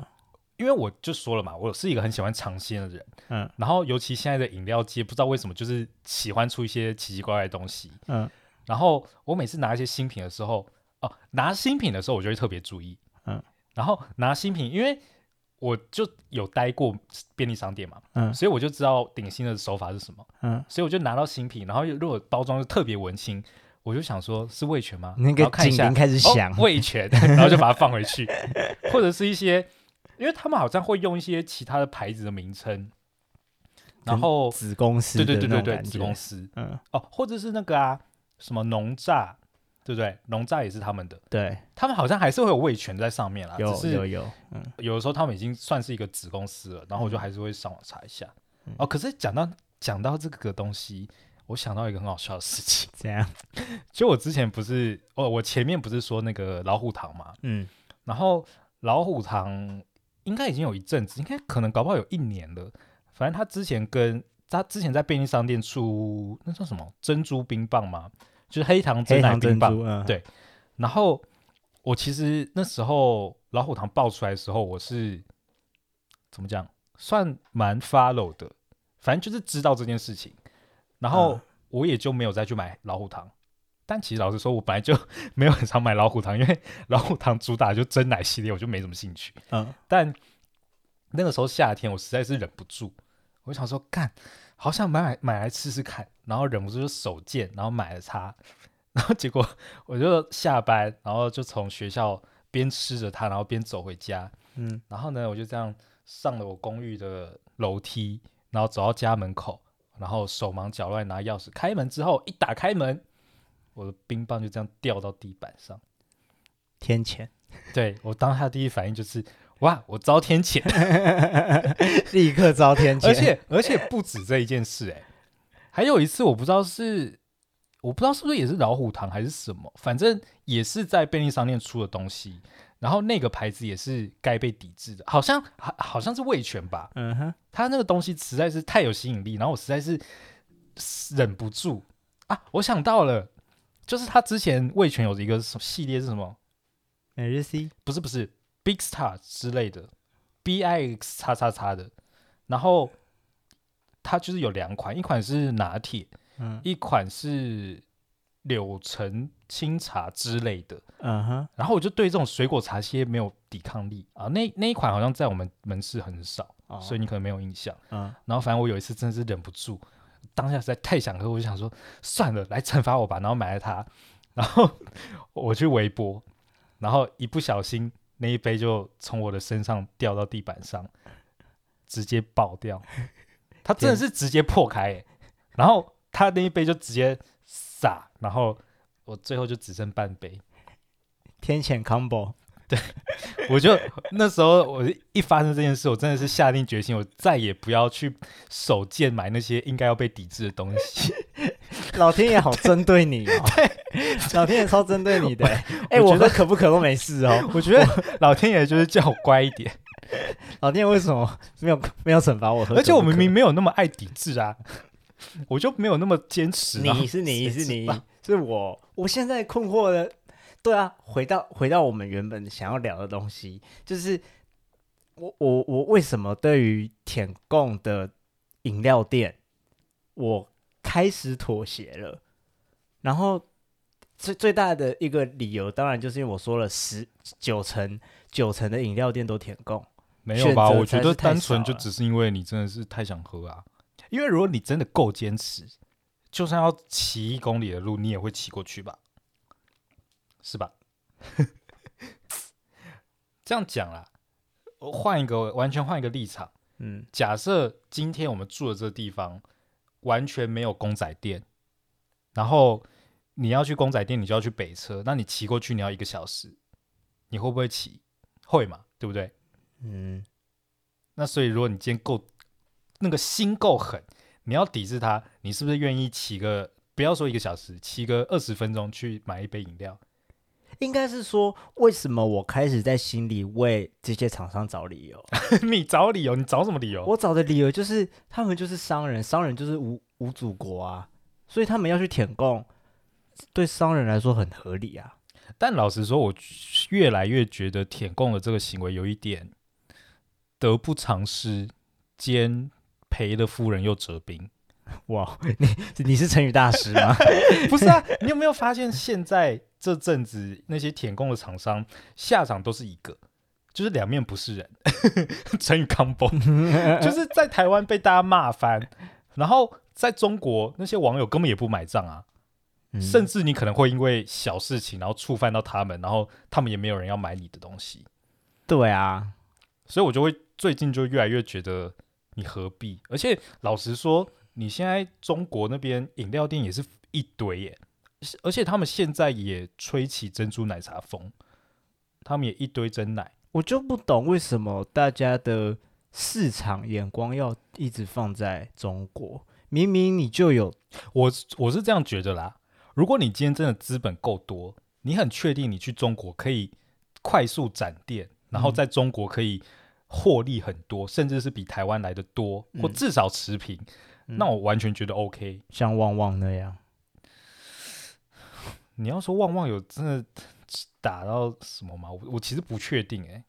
因為我就說了嘛，我是一個很喜歡嘗鮮的人，嗯，然後尤其現在的飲料界不知道為什麼就是喜歡出一些奇奇怪怪的東西，嗯，然後我每次拿一些新品的時候，哦、啊，拿新品的時候我就會特別注意，嗯，然後拿新品，因為。我就有待過便利商店嘛，嗯、所以我就知道頂新的手法是什麼，嗯、所以我就拿到新品，然後如果包裝就特別文青，我就想說，是味全嗎？那個警鈴開始響、然後看一下、哦、味全， [laughs] 然後就把它放回去， [laughs] 或者是一些，因為他們好像會用一些其他的牌子的名稱，然後子公司，對對對對對，子公司，嗯、哦，或者是那個啊，什麼農榨。對不對？龍仔也是他們的，對他們好像還是會有味全在上面啦。有有有，嗯，有的時候他們已經算是一個子公司了，嗯、然後我就還是會上網查一下。嗯、哦，可是講到講到這個東西，我想到一個很好笑的事情。這樣？ [laughs] 就我之前不是哦，我前面不是說那個老虎堂嘛？嗯，然後老虎堂應該已經有一陣子，應該可能搞不好有一年了。反正他之前跟他之前在便利商店出那叫什麼珍珠冰棒嘛就是黑糖珍奶冰棒，對。嗯、然後我其實那時候老虎堂爆出來的時候，我是怎麼講，算蠻 follow 的，反正就是知道這件事情。然後我也就沒有再去買老虎堂。嗯、但其實老實說，我本來就沒有很常買老虎堂，因為老虎堂主打就珍奶系列，我就沒什麼興趣。嗯。但那個時候夏天，我實在是忍不住，我就想說幹，好想買買買來吃吃看。然後忍不住就手賤，然後買了它，然後結果我就下班，然後就從學校邊吃着它，然後邊走回家。嗯，然後呢，我就這樣上了我公寓的樓梯，然後走到家門口，然後手忙腳亂拿鑰匙開門之後，一打開門，我的冰棒就這樣掉到地板上，天譴！對，我當下的第一反應就是哇，我遭天譴， [laughs] 立刻遭天譴， [laughs] 而且而且不止這一件事，欸，還有一次，我不知道是，我不知道是不是也是老虎堂還是什麼，反正也是在便利商店出的東西。然後那個牌子也是該被抵制的，好像好好像是味全吧。嗯哼、uh，他、huh. 那個東西實在是太有吸引力，然後我實在是忍不住啊！我想到了，就是他之前味全有一個什麼系列是什麼？每日 C？不是不是，Big Star 之類的，B I X 叉叉叉的，然後。它就是有兩款，一款是拿鐵，嗯、一款是柳橙清茶之類的，嗯、哼然後我就對這種水果茶些沒有抵抗力啊。那那一款好像在我們門市很少，哦、所以你可能沒有印象。嗯、然後反正我有一次真的是忍不住，當下實在太想喝，可是我就想說算了，來懲罰我吧。然後買了它，然後我去微波，然後一不小心那一杯就從我的身上掉到地板上，直接爆掉。 [laughs] 他真的是直接破開，天然後他那一杯就直接灑，然後我最後就只剩半杯。天譴 combo，對我就 [laughs] 那時候我一發生這件事，我真的是下定決心，我再也不要去手賤買那些應該要被抵制的東西。老天爺好針對你。哦，對，對，老天爺超針對你的。哎我，欸、我覺得我可不可都沒事哦。我，我覺得老天爺就是叫我乖一點。老天為什麼沒有沒有懲罰我？而且我明明沒有那麼愛抵制啊，我就沒有那麼堅持。 [laughs] 你是你是你 [laughs] 是我，我現在困惑的。對啊，回到回到我們原本想要聊的東西，就是我我我為什麼對於舔共的飲料店，我開始妥協了？然後最最大的一個理由，當然就是因為我說了十九成九成的飲料店都舔共。沒有吧？我覺得單純就只是因為你真的是太想喝啊！因為如果你真的夠堅持，就算要騎一公里的路，你也會騎過去吧？是吧？ [laughs] 這樣講啦，我換一個，完全換一個立場。嗯，假設今天我們住的這個地方完全沒有公仔店，然後你要去公仔店，你就要去北車，那你騎過去你要一個小時，你會不會騎？會嘛，對不對？嗯，那所以如果你今天夠那個心夠狠，你要抵制他，你是不是願意騎個不要說一個小時，騎個二十分鐘去買一杯飲料？應該是說，為什麼我開始在心裡為這些廠商找理由？ [laughs] 你找理由？你找什麼理由？我找的理由就是他們就是商人，商人就是無無祖國啊，所以他們要去舔共，對商人來說很合理啊。但老實說，我越來越覺得舔共的這個行為有一點。得不償失，兼賠了夫人又折兵。哇、wow，你你是成語大師嗎？ [laughs] 不是啊，你有沒有發現現在這陣子那些舔共的廠商下場都是一個，就是兩面不是人， [laughs] 成語 combo，就是在台灣被大家罵翻，然後在中國那些網友根本也不買賬啊，嗯、甚至你可能會因為小事情然後觸犯到他們，然後他們也沒有人要買你的東西。對啊，所以我就會。最近就越來越覺得你何必，而且老實說，你現在中國那邊飲料店也是一堆耶，而且他們現在也吹起珍珠奶茶風，他們也一堆珍奶，我就不懂為什麼大家的市場眼光要一直放在中國，明明你就有，我是我是這樣覺得啦，如果你今天真的資本夠多，你很確定你去中國可以快速展店，然後在中國可以，嗯。獲利很多，甚至是比台灣來的多，嗯、或至少持平，嗯、那我完全覺得 OK。像旺旺那樣，你要說旺旺有真的打到什麼嗎？我我其實不確定誒、欸，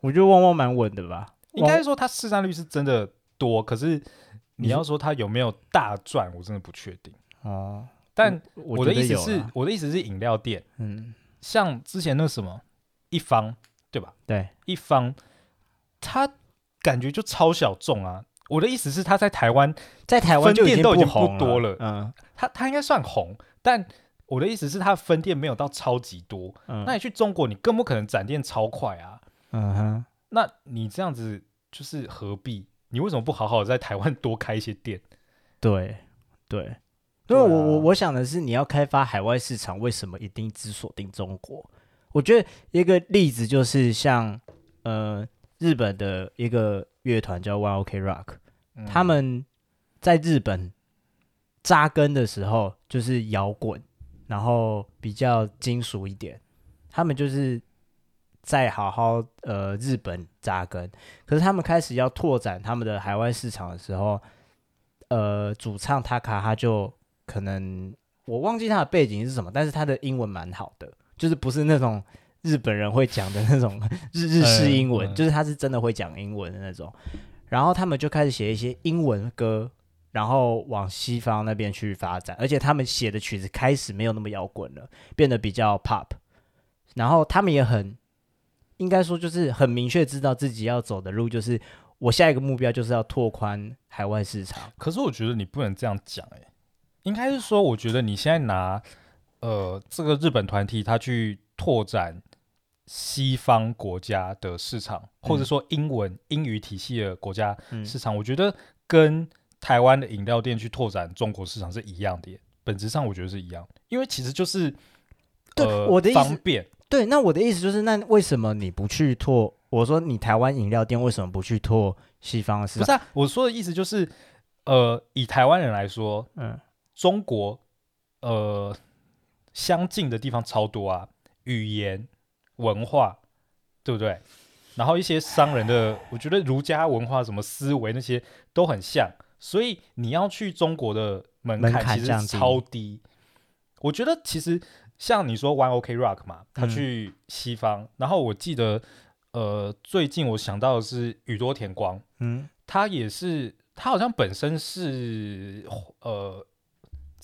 我覺得旺旺蠻穩的吧，應該說它市占率是真的多，旺可是你要說它有沒有大賺，我真的不確定哦，呃、但我的意思是，我，我的意思是飲料店，嗯，像之前那什麼一方，對吧？對，一方。他感覺就超小眾啊！我的意思是，他在台灣，在台灣分店都已經不多了、了、了。嗯，他他應該算紅，但我的意思是，他分店沒有到超級多。嗯，那你去中國，你更不可能展店超快啊。嗯哼，那你這樣子就是何必？你為什麼不好好在台灣多開一些店？對對，因為、啊、我我我想的是，你要開發海外市場，為什麼一定只鎖定中國？我覺得一個例子就是像呃。日本的一個樂團叫 One Ok Rock，他們在日本紮根的時候就是搖滾，然後比較金屬一點。他們就是在好好呃日本紮根，可是他們開始要拓展他們的海外市場的時候，呃，主唱 Taka 他就可能，我忘記他的背景是什麼，但是他的英文蠻好的，就是不是那種。日本人會講的那種日日式英文，嗯嗯、就是他是真的會講英文的那種。然後他們就開始寫一些英文歌，然後往西方那邊去發展。而且他們寫的曲子開始沒有那麼搖滾了，變得比較 pop。然後他們也很應該說，就是很明確知道自己要走的路，就是我下一個目標就是要拓寬海外市場。可是我覺得你不能這樣講，欸，應該是說，我覺得你現在拿呃這個日本團體他去拓展。西方國家的市場，或者說英文、嗯、英語體系的國家市場，嗯、我覺得跟台灣的飲料店去拓展中國市場是一樣的，本質上我覺得是一樣的，因為其實就是對、呃、我的意思方便。對，那我的意思就是，那為什麼你不去拓？我說你台灣飲料店為什麼不去拓西方的市場？不是啊，我說的意思就是，呃，以台灣人來說，嗯，中國呃相近的地方超多啊，語言。文化，對不對？然後一些商人的，我覺得儒家文化、什麼思維那些都很像，所以你要去中國的門檻其實超低。低我覺得其實像你說 One OK Rock 嘛，他去西方，嗯，然後我記得呃，最近我想到的是宇多田光，嗯，他也是，他好像本身是呃。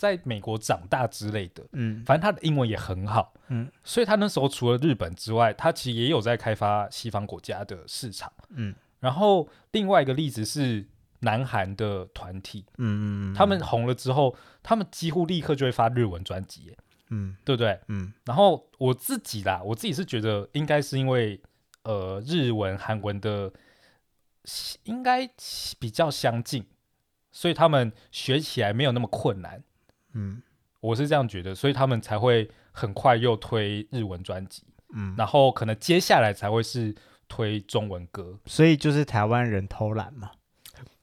在美國長大之類的，嗯，反正他的英文也很好，嗯，所以他那時候除了日本之外，他其實也有在開發西方國家的市場，嗯，然後另外一個例子是南韓的團體，嗯，嗯，嗯，他們紅了之後，嗯，他們幾乎立刻就會發日文專輯，嗯，對不對？嗯，然後我自己啦，我自己是覺得應該是因為，呃，日文、韓文的應該比較相近，所以他們學起來沒有那麼困難。嗯，我是這樣覺得，所以他們才會很快又推日文專輯，嗯，然後可能接下來才會是推中文歌，所以就是台灣人偷懶嘛，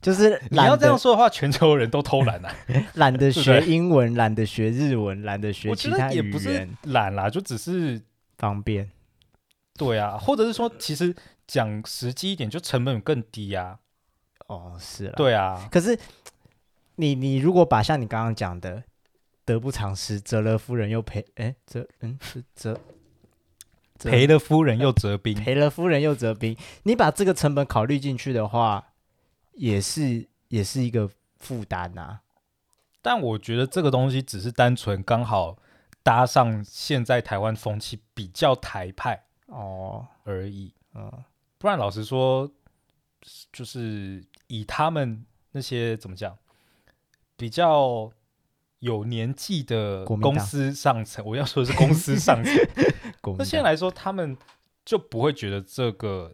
就是你要這樣說的話，全球人都偷懶了，啊， [laughs] 懶得學英文， [laughs] 對對懶得學日文，懶得學其他也不是懶啦，就只是方便，對啊，或者是說，其實講實際一點，就成本有更低呀，啊，哦，是了，對啊，可是你你如果把像你剛剛講的。得不償失，折了夫人又賠哎、欸，折，嗯是折賠 [laughs] 了夫人又折兵，賠 [laughs] 了夫人又折兵。你把這個成本考慮進去的話，也是也是一個負擔吶、啊。但我覺得這個東西只是單純剛好搭上現在台灣風氣比較台派哦而已，嗯、哦，哦、不然老實說，就是以他們那些怎麼講比較。有年紀的公司上層，我要說的是公司上層。那現在來說，他們就不會覺得這個，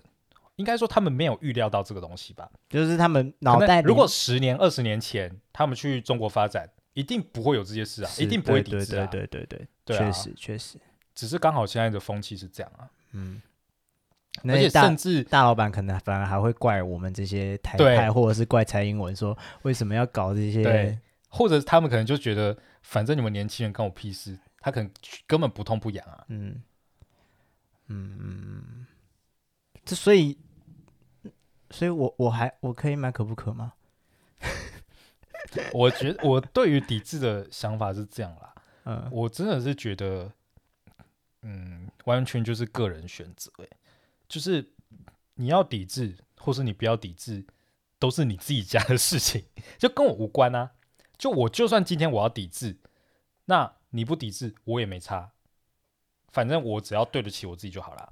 應該說他們沒有預料到這個東西吧？就是他們腦袋。如果十年、二十年前他們去中國發展，一定不會有這些事啊，一定不會抵制啊。對對對對對，確實確實，只是剛好現在的風氣是這樣啊。嗯，而且甚至大老闆可能反而還會怪我們這些台派，或者是怪蔡英文，說為什麼要搞這些。或者他們可能就覺得，反正你們年輕人關我屁事。他可能根本不痛不癢啊。嗯嗯，這所以，所以我我還我可以買可不可嗎？ [laughs] 我覺得我對於抵制的想法是這樣啦。嗯，我真的是覺得，嗯，完全就是個人選擇，欸。就是你要抵制，或是你不要抵制，都是你自己家的事情，就跟我無關啊。就我就算今天我要抵制，那你不抵制我也沒差，反正我只要對得起我自己就好了。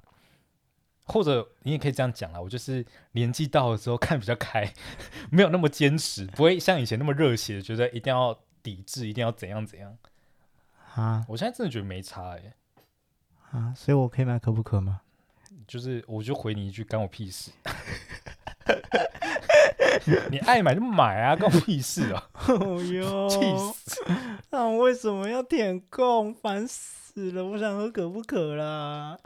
或者你也可以這樣講啦，我就是年紀到了之後看比較開，沒有那麼堅持，不會像以前那麼熱血，覺得一定要抵制，一定要怎樣怎樣。啊哈，我現在真的覺得沒差哎、欸，啊，所以我可以買可不可嗎？就是我就回你一句，干我屁事。 [laughs] [laughs] 你愛買就買啊，關我屁事、啊、哦呦！氣 [laughs] 死！那我為什麼要舔共？煩死了！我想喝可不可啦？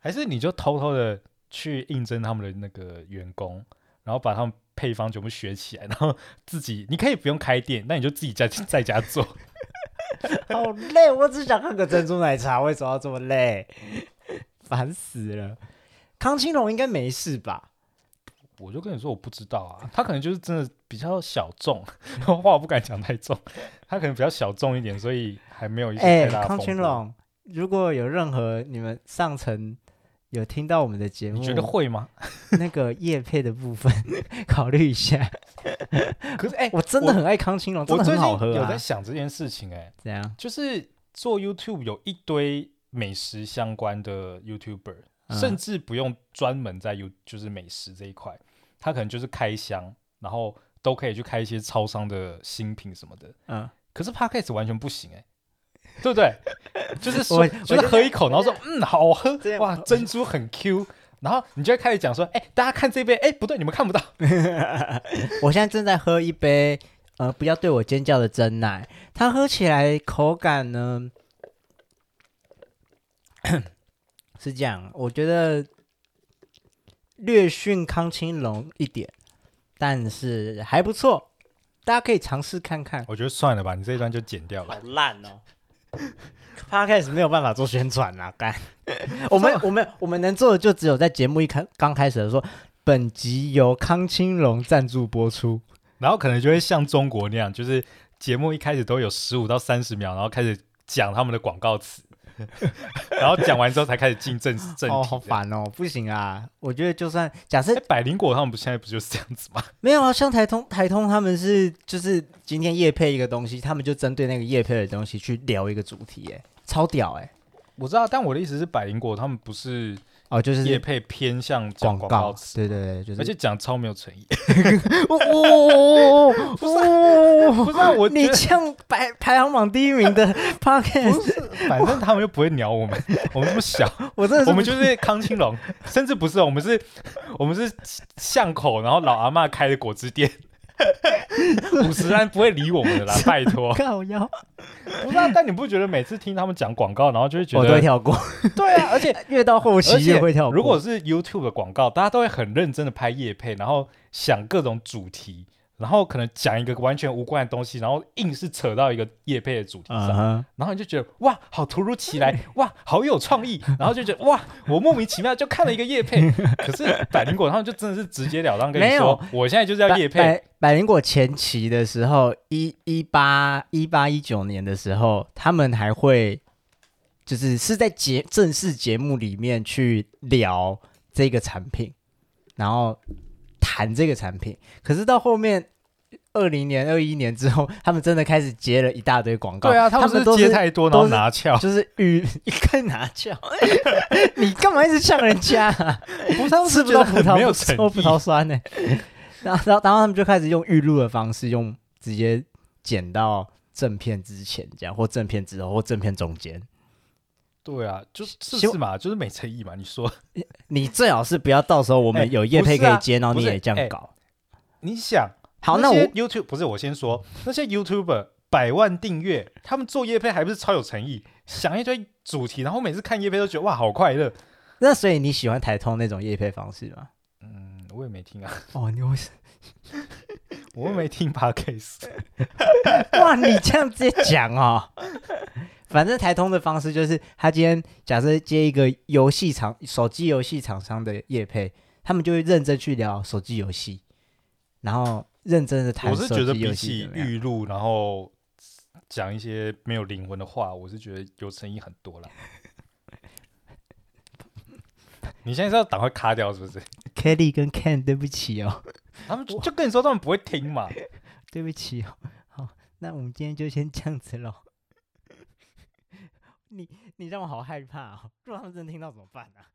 還是你就偷偷的去應徵他們的那個員工，然後把他們配方全部學起來，然後自己你可以不用開店，那你就自己在在家做。 [laughs] 好累，我只想喝個珍珠奶茶，為什麼要這麼累？煩死了！康青龍應該沒事吧？我就跟你說，我不知道啊，他可能就是真的比較小眾， [laughs] 話我不敢講太重，他可能比較小眾一點，所以還沒有一些太大、欸、康青龍，如果有任何你們上層有聽到我們的節目，你覺得會嗎？那個業配的部分， [laughs] 考慮一下。 [laughs] 可是，哎、欸，我真的很愛康青龍，我真的很好喝、啊、我最近有在想這件事情、欸，哎，怎樣？就是做 YouTube 有一堆美食相關的 YouTuber。甚至不用專門在有就是美食這一塊，他、嗯、可能就是開箱，然後都可以去開一些超商的新品什麼的。嗯，可是 Podcast 完全不行哎、欸， [laughs] 對不對？就是所以，我就是喝一口，就然後說嗯，好喝，樣哇，珍珠很 Q， [laughs] 然後你就會開始講說，哎、欸，大家看這杯，哎、欸，不對，你們看不到。 [laughs] 我現在正在喝一杯，呃，不要對我尖叫的珍奶，它喝起來口感呢。 [coughs] 是這樣，我覺得略遜康青龍一點，但是還不錯，大家可以嘗試看看。我覺得算了吧，你這一段就剪掉了。好爛哦 [laughs] 他開始沒有辦法做宣傳了、啊。幹， [laughs] 我們我們我們能做的就只有在節目一開剛開始的時候，本集由康青龍贊助播出，然後可能就會像中國那樣，就是節目一開始都有十五到三十秒，然後開始講他們的廣告詞。 [laughs] [laughs] 然後講完之後才開始進正正題、哦，好煩哦，不行啊！我覺得就算假設、欸、百靈果他們不現在不就是這樣子嗎？沒有啊，像台通台通他們是就是今天業配一個東西，他們就針對那個業配的東西去聊一個主題、欸，哎，超屌哎、欸！我知道，但我的意思是百靈果他們不是。哦，就是業配偏向廣告詞，對對對，就是、而且講超沒有誠意。哦哦哦哦哦！哦不是、哦、不是我，你像排排行榜第一名的 Podcast，不是，我反正他們又不會鳥我們， [laughs] 我們那麼小，我真的我們就是康青龍， [laughs] 甚至不是，我們是，我們是巷口，然後老阿嬤開的果汁店。五十三不會理我們的啦， [laughs] 拜托託。 [laughs] 不要，啊，不但你不覺得每次聽他們講廣告，然後就會覺得我、哦、都會跳過。 [laughs] 對啊，而且越到後期越會跳過。如果是 YouTube 的廣告，大家都會很認真的拍業配，然後想各種主題，然後可能講一個完全無關的東西，然後硬是扯到一個業配的主題上，uh huh. 然後你就覺得哇，好突如其來，哇，好有創意，然後就覺得 [laughs] 哇，我莫名其妙就看了一個業配。 [laughs] 可是百靈果他們就真的是直截了當跟你說，有我現在就是要業配。百靈果前期的時候，一一八一八一九年的時候，他們還會就是是在節正式節目裡面去聊這個產品，然後談這個產品。可是到後面二零年，二一年之後，他們真的開始接了一大堆廣告。對啊，他，他們都，都是接太多，然後拿翹，就是與一開始拿翹， [laughs] [laughs] 你幹嘛一直嗆人家，啊？葡萄 [laughs] 我吃不到葡萄不吐我葡萄酸呢，欸？然後，然後他們就開始用預錄的方式，用直接剪到正片之前，這樣或正片之後，或正片中間。對啊，就是是嘛，行就是沒誠意嘛。你說，你最好是不要到時候我們有業配可以接，欸啊、然後你也這樣搞。欸、你想，好，那，YouTube, 那我 YouTube 不是我先說那些 YouTuber 百萬訂閱，他們做業配還不是超有誠意， [laughs] 想一堆主題，然後每次看業配都覺得哇好快樂。那所以你喜歡台通那種業配方式嗎？我也沒聽啊。哦，你為什麼？ [laughs] 我也沒聽吧，Case。哇，你這樣直接講啊！反正台通的方式就是，他今天假設接一個遊戲廠、手機遊戲廠商的業配，他們就會認真去聊手機遊戲，然後認真的談。我是覺得比起玉露，然後講一些沒有靈魂的話，我是覺得有誠意很多了。 [laughs] 你現在知道等會卡掉是不是？Kelly 跟 Ken，對不起哦，他們就跟你說，他們不會聽嘛。 [laughs] 對不起哦，好，那我們今天就先這樣子咯。 [laughs] 你你讓我好害怕啊，哦！如果他們真的聽到怎麼辦呢，啊？